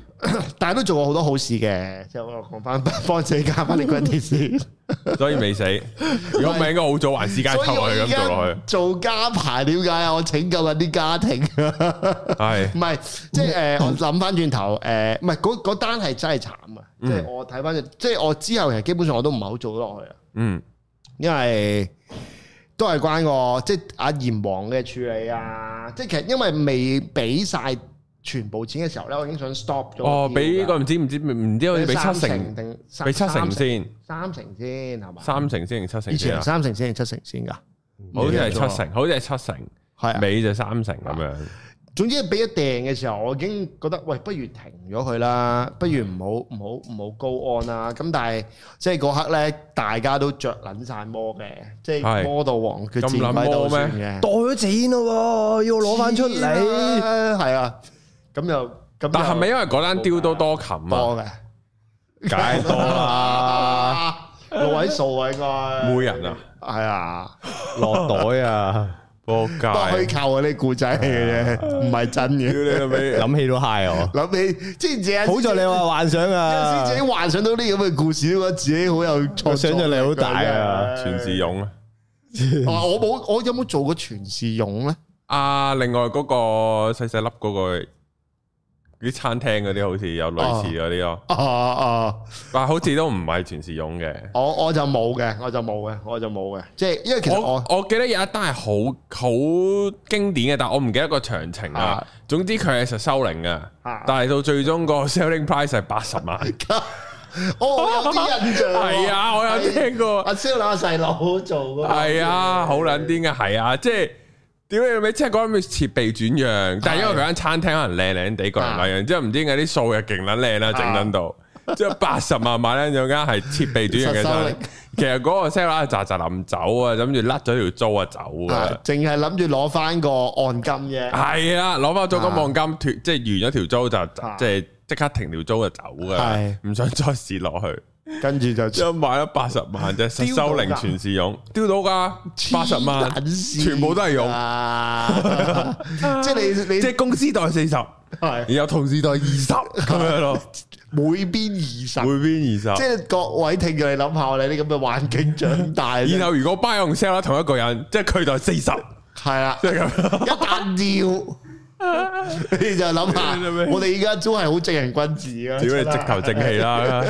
但係都做過好多好事嘅，就講翻北方世家翻你嗰啲先，所以未 死。如果唔係應該好早還私家，去以做落去。做,去做家牌點解啊？我拯救緊啲家庭啊！係 是，唔係即係誒，諗翻轉頭誒，唔係嗰嗰單係真係慘啊！即係、嗯、我睇翻，即、就、係、是、我之後其實基本上我都唔係好做得落去啊。嗯，因為都係關我，即、就、係、是、阿閻王嘅處理啊，即、就、係、是、其實因為未俾晒。全部錢嘅時候咧，我已經想 stop 咗。哦，俾個唔知唔知唔唔知好似俾七成定俾七成先。三成先係嘛？三成先定七成先？三成先定七成先㗎？好似係七成，好似係七成，尾就三成咁樣。總之俾一訂嘅時候，我已經覺得喂，不如停咗佢啦，不如唔好唔好唔好 go on 啦。咁但係即係嗰刻咧，大家都著撚曬魔嘅，即係魔道王嘅錢喺度咩？袋咗錢咯，要攞翻出嚟，係啊！咁又，但係咪因為嗰單丟到多琴啊？多嘅，解多啦，六位數應該。每人啊，係啊，落袋啊，仆街。都可以靠我嗰啲故仔嘅啫，唔係真嘅。諗起都 high 啊。諗起先至，好在你話幻想啊。先自己幻想到啲咁嘅故事，覺得自己好有，想象力好大啊。全智勇啊，我冇，我有冇做過全智勇咧？啊，另外嗰個細細粒嗰個。啲餐廳嗰啲好似有類似嗰啲咯，哦哦，但好似都唔係全時用嘅。我我就冇嘅，我就冇嘅，我就冇嘅。即係因為其實我我記得有一單係好好經典嘅，但我唔記得個詳情啦。總之佢係實收零嘅，但係到最終個 selling price 係八十萬。我有啲印象，係啊，我有聽過阿蕭兩個阿細佬做嘅，係啊，好撚癲嘅，係啊，即係。點解要俾，即係講咩設備轉讓？但係因為佢間餐廳可能靚靚地個人嚟，然之後唔知點解啲數又勁撚靚啦，整撚到，之後八十萬買咧，有間係設備轉讓嘅。其實嗰個 sell 啊，咋咋臨走啊，諗住甩咗條租啊走啊，淨係諗住攞翻個按金嘅。係啊，攞翻咗個按金脫，即係完咗條租就即係即刻停條租就走噶啦，唔的想再蝕落去。跟住就將買咗八十萬隻，收零全市用，丟到噶八十萬，全部都係用，啊、哈哈即係你你即係公司袋四十，係，然後同事袋二十咁樣咯，每邊二十，每邊二十，即係各位聽住你諗下，我哋啲咁嘅環境長大， 然後如果 buy 同 sell 同一個人，即係佢袋四十，係啦，即係咁一啖尿。你就諗下，我哋而家都係好正人君子啊！屌你，直頭正氣啦！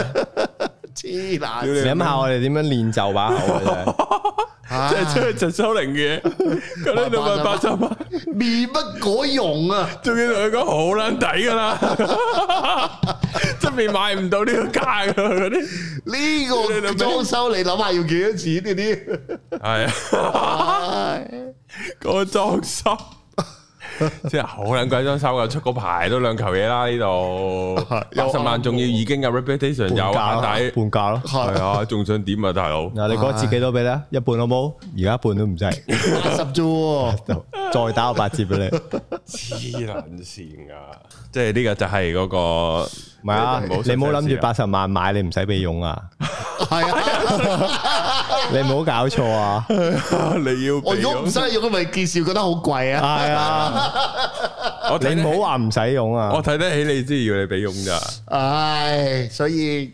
黐線！諗下我哋點樣練就把口。即係出去陳修玲嘅，嗰啲六萬八十萬，面不改容啊！仲要同佢講好撚抵噶啦，真係買唔到呢個價啊！啲呢個裝修，你諗下要幾多錢呢啲？係啊，個裝修。即係 好撚鬼張手噶，出嗰排都兩球嘢啦呢度，八十萬仲要已經有 reputation 有眼睇半價咯，係啊，仲想點啊大佬？嗱、 啊，你講折幾多俾咧？一半好冇？而家半都唔使，八十啫， 再打個八折俾你，黐撚線噶， 即係呢個就係嗰、嗰個。唔係啊，你冇諗住八十萬買，你唔使俾佣啊！係啊，你唔好搞錯啊！你要我用唔需要咁咪介紹覺得好貴啊？係啊，你唔好話唔使用啊！啊 啊我睇得起你先要你俾佣咋。唉，所以、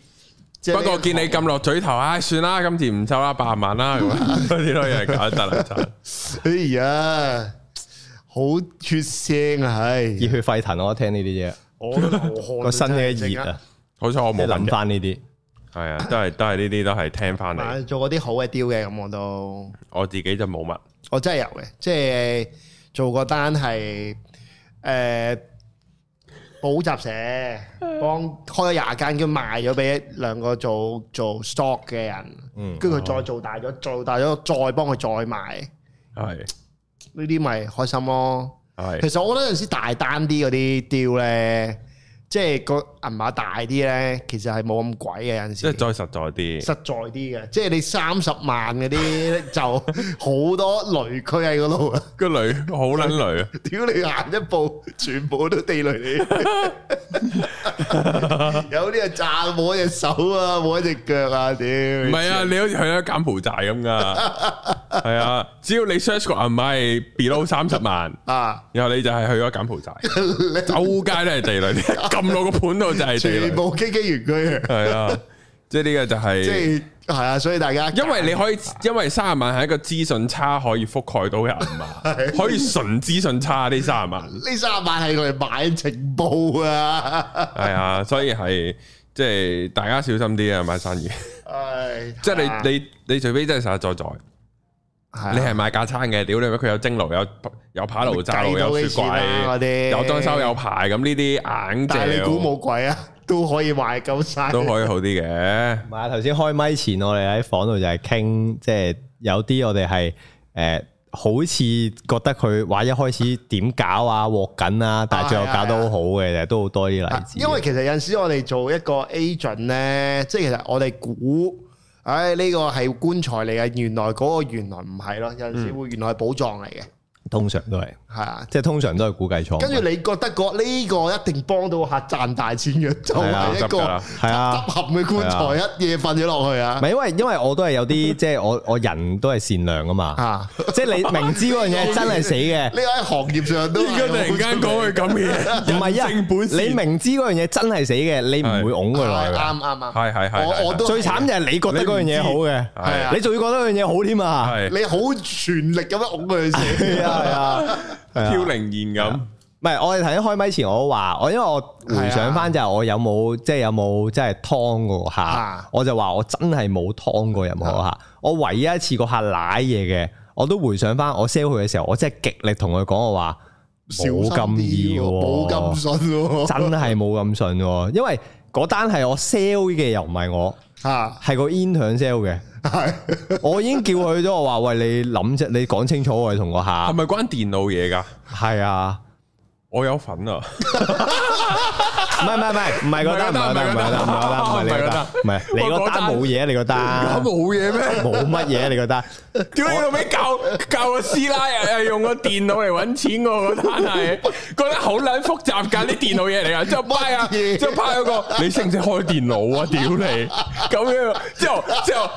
就是、不過見你咁落嘴頭，唉、哎，算啦，今次唔收啦，八十萬啦，咁啊，呢啲都係簡單啦，就。 哎呀，好血腥啊！唉，熱血沸騰，我聽呢啲嘢。個新嘅熱啊，好彩我冇諗翻呢啲，係啊，都係都係呢啲都係聽翻嚟。做嗰啲好嘅 deal 嘅，咁，我都我自己就冇乜。我真係有嘅，即、就、係、是、做個單係誒補習社幫 開咗廿間，叫賣咗俾兩個做做 stock 嘅人，跟住佢再做大咗，啊、做大咗再幫佢再賣。係呢啲咪開心咯～其實我覺得有陣時大單啲嗰啲 deal 咧。即係個銀碼大啲咧，其實係冇咁鬼嘅，有陣時，即係再實在啲，實在啲嘅，即係你三十萬嗰啲就好多雷區喺嗰度啊！個 雷好撚雷啊！屌 你行一步，全部都地雷你，你 有啲啊炸冇一隻手啊，冇一隻腳啊！屌，唔係啊，你好似去咗柬埔寨咁噶，係 啊，只要你 search 個銀碼係 below 三十萬啊，然後你就係去咗柬埔寨，周 街都係地雷。撳落個盤度就係全部積積完居，係啊，即係呢個就係、是，即係係啊，所以大家因為你可以因為三十萬係一個資訊差可以覆蓋到嘅銀碼，可以純資訊差啲三十萬，呢三十萬係佢哋買情報啊，係 啊，所以係即係大家小心啲啊，買生意，係，即係你你你除非真係實實在在。 你係買架餐嘅，屌你佢有蒸爐，有有扒爐仔，有雪櫃，些有裝修，有牌咁呢啲硬鏡。你估冇鬼啊，都可以賣夠晒。都可以好啲嘅。唔係啊，頭先開咪前我哋喺房度就係傾，即、就、係、是、有啲我哋係誒，好似覺得佢話一開始點搞啊，握緊啊，但係最後搞到好嘅，其實都好多啲例子、啊啊啊。因為其實有陣時我哋做一個 agent 咧，即、就、係、是、其實我哋估。唉，呢個係棺材嚟嘅，原來嗰個原來唔係咯，有陣時會原來係寶藏嚟嘅。通常都係，係啊，即係通常都係估計錯。跟住你覺得嗰呢個一定幫到客賺大錢嘅就係一個執行嘅棺材一夜瞓咗落去啊？唔係，因為因為我都係有啲即係我我人都係善良㗎嘛，即係你明知嗰樣嘢真係死嘅，呢個喺行業上都呢個突然間講佢咁嘅嘢，唔係一本你明知嗰樣嘢真係死嘅，你唔會㧬佢落去。啱啱啱，係係係，我我都最慘就係你覺得嗰樣嘢好嘅，係啊，你仲要覺得嗰樣嘢好添啊？你好全力咁樣㧬佢死啊！係啊，飄零然咁。唔係，啊啊，我哋頭先開咪前，我都話我，因為我回想翻就係我有冇，啊、即係有冇，即係劏過客。啊、我就話我真係冇劏過任何客。啊、我唯一一次個客瀨嘢嘅，我都回想翻我 sell 佢嘅時候，我真係極力同佢講，我話冇咁易，冇咁信，真係冇咁信。 因為嗰單係我 sell 嘅，又唔係我。啊，係個 intern sell 嘅，係， 我已經叫佢咗，我話喂，你諗啫，你講清楚我同個客，係咪關電腦嘢噶？係啊，我有份啊。 唔係唔係唔係，唔係覺得唔係唔係唔係覺得唔係你覺得，唔係你覺得冇嘢，你覺得冇嘢咩？冇乜嘢，你覺得？屌你老味教教個師奶啊？用個電腦嚟揾錢喎，我覺得係覺得好撚複雜噶，啲電腦嘢嚟噶，之後 buy 啊，之後拍咗個，你識唔識開電腦啊？屌你咁樣，之後之後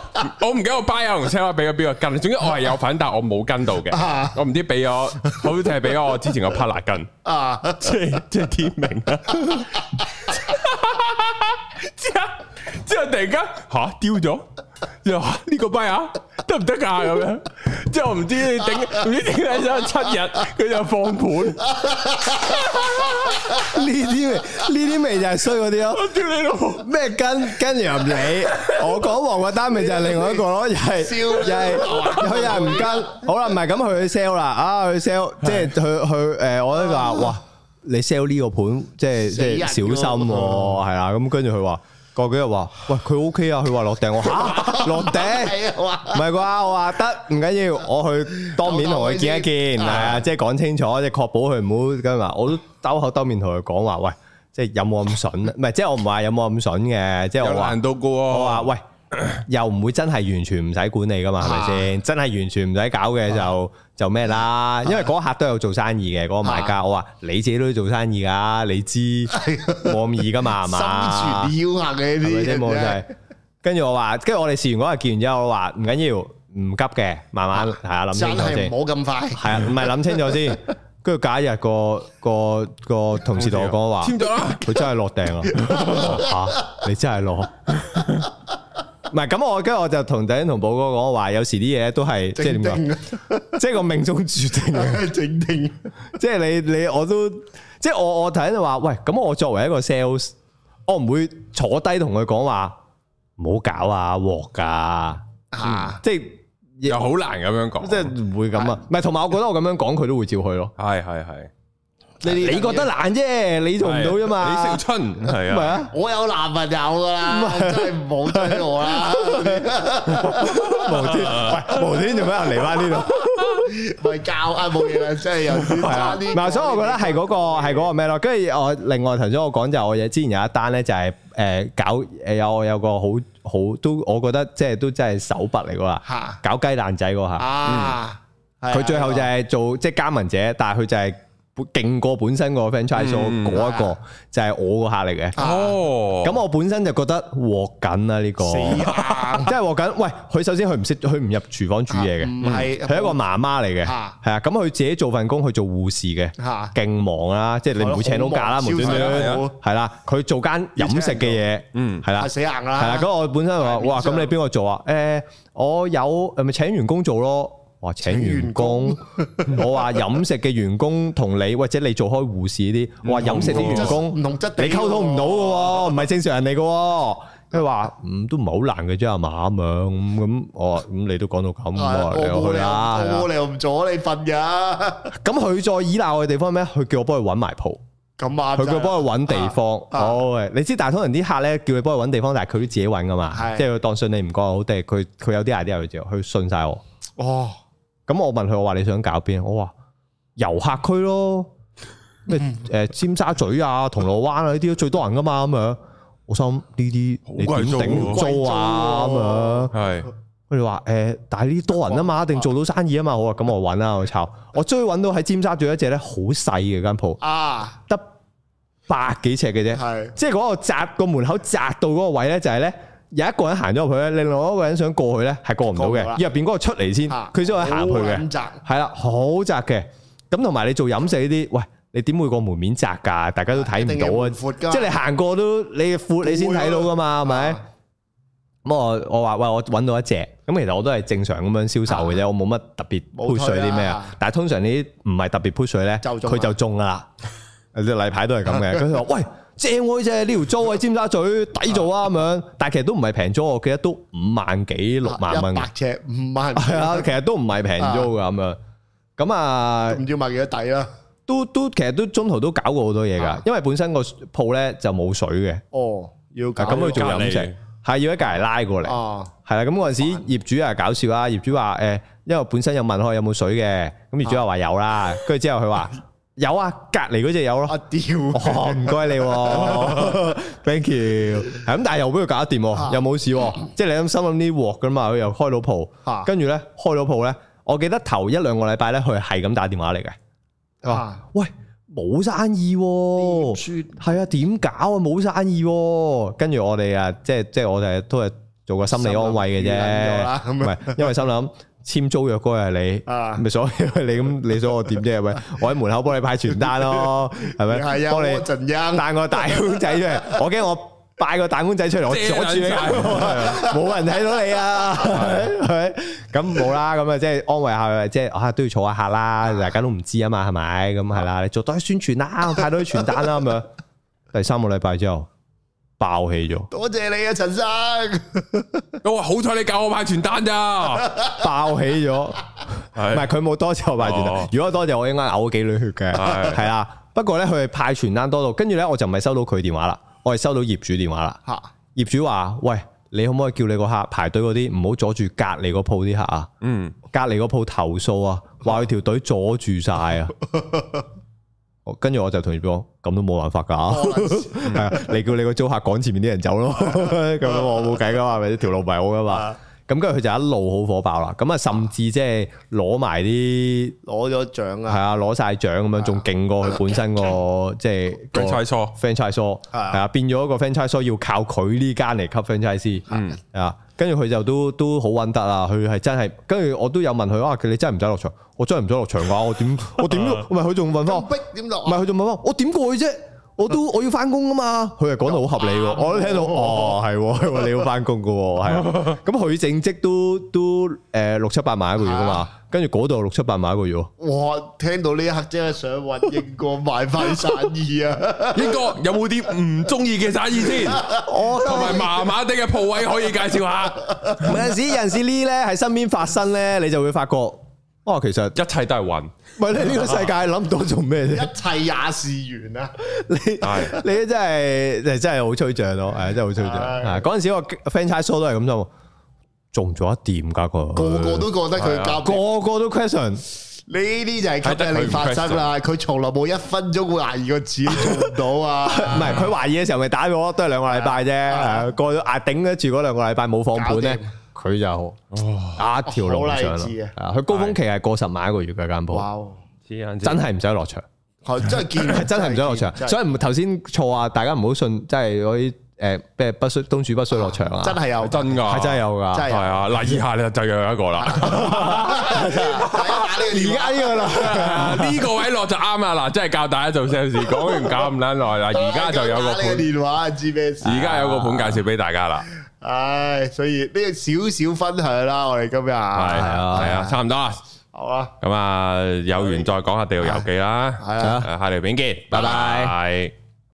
我唔記得我 buy 阿龍車話俾咗邊個？跟，總之我係有份，但係我冇跟到嘅，我唔知俾我，好似係俾我之前個 partner 啊，即係即係天明。之後之後突然間吓丟咗，又話呢個咩啊？得唔得啊？咁樣，之後我唔知你頂唔知點解先七日佢就放盤，呢啲味呢啲味就係衰嗰啲咯。我丟你老，咩跟跟住你？我講王個單咪就係另外一個咯，又係又係佢又係唔跟。好啦，唔係咁佢去 sell 啦，啊去 sell，即係佢佢誒，我都話哇。你 sell 呢個盤，即係即係小心，係啦。咁跟住佢話，過幾日話，喂佢 OK 啊，佢話落定我，吓落定，唔係啩？我話得，唔緊要，我去當面同佢見一見，係啊，即係講清楚，即係確保佢唔好咁啊，我都兜口兜面同佢講話，喂，即係有冇咁筍？唔係， 即係、啊、我唔話有冇咁筍嘅，即係我話，我話喂，又唔會真係完全唔使管理噶嘛，係咪先？ 真係完全唔使搞嘅就。 就咩啦，因為嗰客都有做生意嘅嗰、嗰個買家，我話你自己都做生意噶，你知冇咁易噶嘛，係嘛？ 生存要硬嘅 A P M 就係，跟住我話，跟住我哋試完嗰日見完之後，我話唔緊要，唔急嘅，慢慢係啊諗清楚先，真係唔好咁快，係啊，唔係諗清楚先。跟住隔一日、嗰個個、嗰個同事同我講話，簽咗佢真係落訂啦，吓、 啊、你真係落。 唔係咁，跟 ang, 我跟住我就同仔同寶哥講，話有時啲嘢都係即係點講，即係個命中注定嘅，整定，啊。即係你你我都，即係我我睇到話，喂，咁我作為一個 sales，我唔會坐低同佢講話，唔好搞啊，鑊噶，吓，即係又好難咁樣講，即係唔會咁啊。唔係同埋，我覺得我咁樣講，佢都會照去咯。係係係。你你覺得難啫，你做唔到啫嘛？李少春係啊，我有男朋友噶啦，真係冇追我啦，無端，無端做咩嚟翻呢度？咪教下冇嘢啦，真係又差啲。咪所以我覺得係嗰個係嗰個咩咯？跟住我另外頭先我講，就我有之前有一單咧，就係誒搞，誒有有個好好都，我覺得即係都真係手筆嚟噶啦，搞雞蛋仔嗰下。嗯，佢最後就係做即係加盟者，但係佢就係。勁過本身個 franchise 嗰一個就係我個客嚟嘅。哦，咁我本身就覺得獲緊啦呢個，即係獲緊。喂，佢首先佢唔識，佢唔入廚房煮嘢嘅，唔係，佢一個媽媽嚟嘅，係啊。咁佢自己做份工去做護士嘅，勁忙啦，即係你唔會請到假啦，門對對，係啦。佢做間飲食嘅嘢，嗯，係啦，係死硬啦，係啦。咁我本身話，哇，咁你邊個做啊？誒，我有誒咪請員工做咯。話請員工，我話飲食嘅員工同你，或者你做開護士啲，我話飲食嘅員工，你溝通唔到㗎，唔係正常人嚟㗎。佢話唔都唔係好難嘅啫，嘛，咁樣咁，我咁你都講到咁，你我去啦，我又唔阻你瞓噶。咁佢再依賴我嘅地方咩？佢叫我幫佢搵埋鋪，咁啊，佢叫幫佢搵地方。好嘅，你知大通人啲客咧，叫你幫佢搵地方，但係佢都自己搵噶嘛，即係佢當信你唔過好，定佢佢有啲阿啲友就去信晒我。哦。咁我問佢，我話你想搞邊？我話遊客區咯，咩誒？尖沙咀啊，銅鑼灣啊，呢啲都最多人噶嘛？咁樣，我心呢啲點頂租啊？咁樣係，佢哋話誒，但係呢多人啊嘛，一定做到生意啊嘛？我話咁我搵啦，我炒。我終於搵到喺尖沙咀一隻咧，好細嘅間鋪啊，得百幾尺嘅啫，係是，即係嗰個窄個門口窄到嗰個位咧，就係咧。有一個人行咗入去咧，另外一個人想過去咧，係過唔到嘅。入邊嗰個出嚟先，佢先可以行入去嘅。係啦，好窄嘅。咁同埋你做飲食呢啲，喂，你點會個門面窄噶？大家都睇唔到啊！即係你行過都你闊，你先睇到噶嘛，係咪？咁我我話喂，我揾到一隻。咁其實我都係正常咁樣銷售嘅啫，我冇乜特別 p 水啲咩啊。但係通常呢啲唔係特別 p 水 s 咧，佢就中噶啦。只例牌都係咁嘅。佢話喂。正我啫，呢條租喺尖沙咀抵做啊咁樣，但係其實都唔係平租，我記得都五萬幾六萬蚊。百尺五萬係啊，其實都唔係平租噶咁樣。咁啊，唔知賣幾多抵啦。都都，其實都中途都搞過好多嘢噶，因為本身個鋪咧就冇水嘅。哦，要咁佢仲飲食係要喺隔籬拉過嚟啊。係啦，咁嗰陣時業主啊搞笑啦，業主話誒，因為本身有問開有冇水嘅，咁業主又話有啦，跟住之後佢話。有啊，隔籬嗰隻有咯、啊。啊屌！唔該、哦、你、啊、 ，thank you、啊。係咁、啊，但係又俾佢搞得掂，又冇事、啊。即係你諗心諗呢鑊噶嘛，佢又開到鋪。啊、跟住咧，開到鋪咧，我記得頭一兩個禮拜咧，佢係咁打電話嚟嘅。哇、啊！喂，冇生意。係啊，點、啊啊、搞啊？冇生意、啊。跟住我哋啊，即係即係，我哋都係做個心理安慰嘅啫。咁係， 因為心諗。 簽租約嗰個係你，咪所以你咁你想我點啫？喂，我喺門口幫你派傳單咯，係咪？係啊，幫你陣間帶個大公仔出嚟，我驚我擺個大公仔出嚟，我阻住你，冇人睇到你啊，係咪？咁冇啦，咁啊，即係安慰下佢，即係啊都要坐下客啦，大家都唔知啊嘛，係咪？咁係啦，你做多啲宣傳啦，我派多啲傳單啦，咁樣，第三個禮拜之後。爆起咗！多謝你啊，陳生。 好彩你教我派傳單咋？ 爆起咗了，唔係佢冇多謝我派傳單。 如果多謝我，應該嘔幾兩血嘅。係 啊，不過咧佢係派傳單多到，跟住咧我就唔係收到佢電話啦，我係收到業主電話啦。 業主話：喂，你可唔可以叫你個客排隊嗰啲唔好阻住隔籬個鋪啲客啊？嗯，隔籬個鋪投訴啊，話佢條隊阻住晒啊！跟住我就同佢講，咁都冇辦法噶， 你叫你個租客趕前面啲人走咯，咁樣 我冇計噶嘛，咪條 路唔係我噶嘛。 咁跟住佢就一路好火爆啦，咁啊甚至即係攞埋啲攞咗獎啊，係啊，攞晒獎咁樣，仲勁過佢本身個即係，franchise。franchise 係啊，變咗一個 franchise 要靠佢呢間嚟吸 franchise，嗯啊，跟住佢就都都好穩得啊，佢係真係，跟住我都有問佢啊，佢哋真係唔使落場，我真係唔使落場嘅話， 我點我點，唔係佢仲問翻，唔係佢仲問翻，我點 過去啫。我都我要翻工啊嘛，佢係講到好合理，啊、我都聽到，哦係，你要翻工噶，係，咁佢 正職都都誒六七百萬一個月噶嘛，跟住嗰度六七百萬一個月，哇，聽到呢一刻真係想揾鷹哥買翻生意啊，鷹哥有冇啲唔中意嘅生意先，我同埋麻麻地嘅鋪位可以介紹下，有陣 時有陣時呢，喺身邊發生呢，你就會發覺。哦，其實一切都係運唔係你呢個世界諗唔到做咩啫？一切也是緣啊！你你真係真係好吹脹咯，係真係好吹脹。嗰陣時我 friend 都係咁做，中咗一點噶個，個個都覺得佢教，個個都 question。呢啲就係吸引力發生啦。佢從來冇一分鐘懷疑二個字做唔到啊！唔係佢懷疑嘅時候咪打畀我？都係兩個禮拜啫。過咗啊，頂得住嗰兩個禮拜冇放盤咧。佢就打條路上啦，係啊！佢高峰期係過十萬一個月嘅間鋪，真係唔使落場，真係見，真係唔使落場。所以唔頭先錯啊，大家唔好信，真係嗰啲誒咩不需東主不需落場啊！真係有真噶，係真係有噶，係啊！嗱，以下呢就又有一個啦，以下你就連雞噶啦，呢個位落就啱啦。嗱，真係教大家做 sales，講完搞唔撚耐。嗱，而家就有個盤，而家有個盤介紹俾大家啦。唉，所以呢個少少分享啦，我哋今日係係啊，差唔多好啊，咁啊、嗯，有緣再講下地《地獄遊記》啦，係啊，下條片見，了拜拜。拜拜。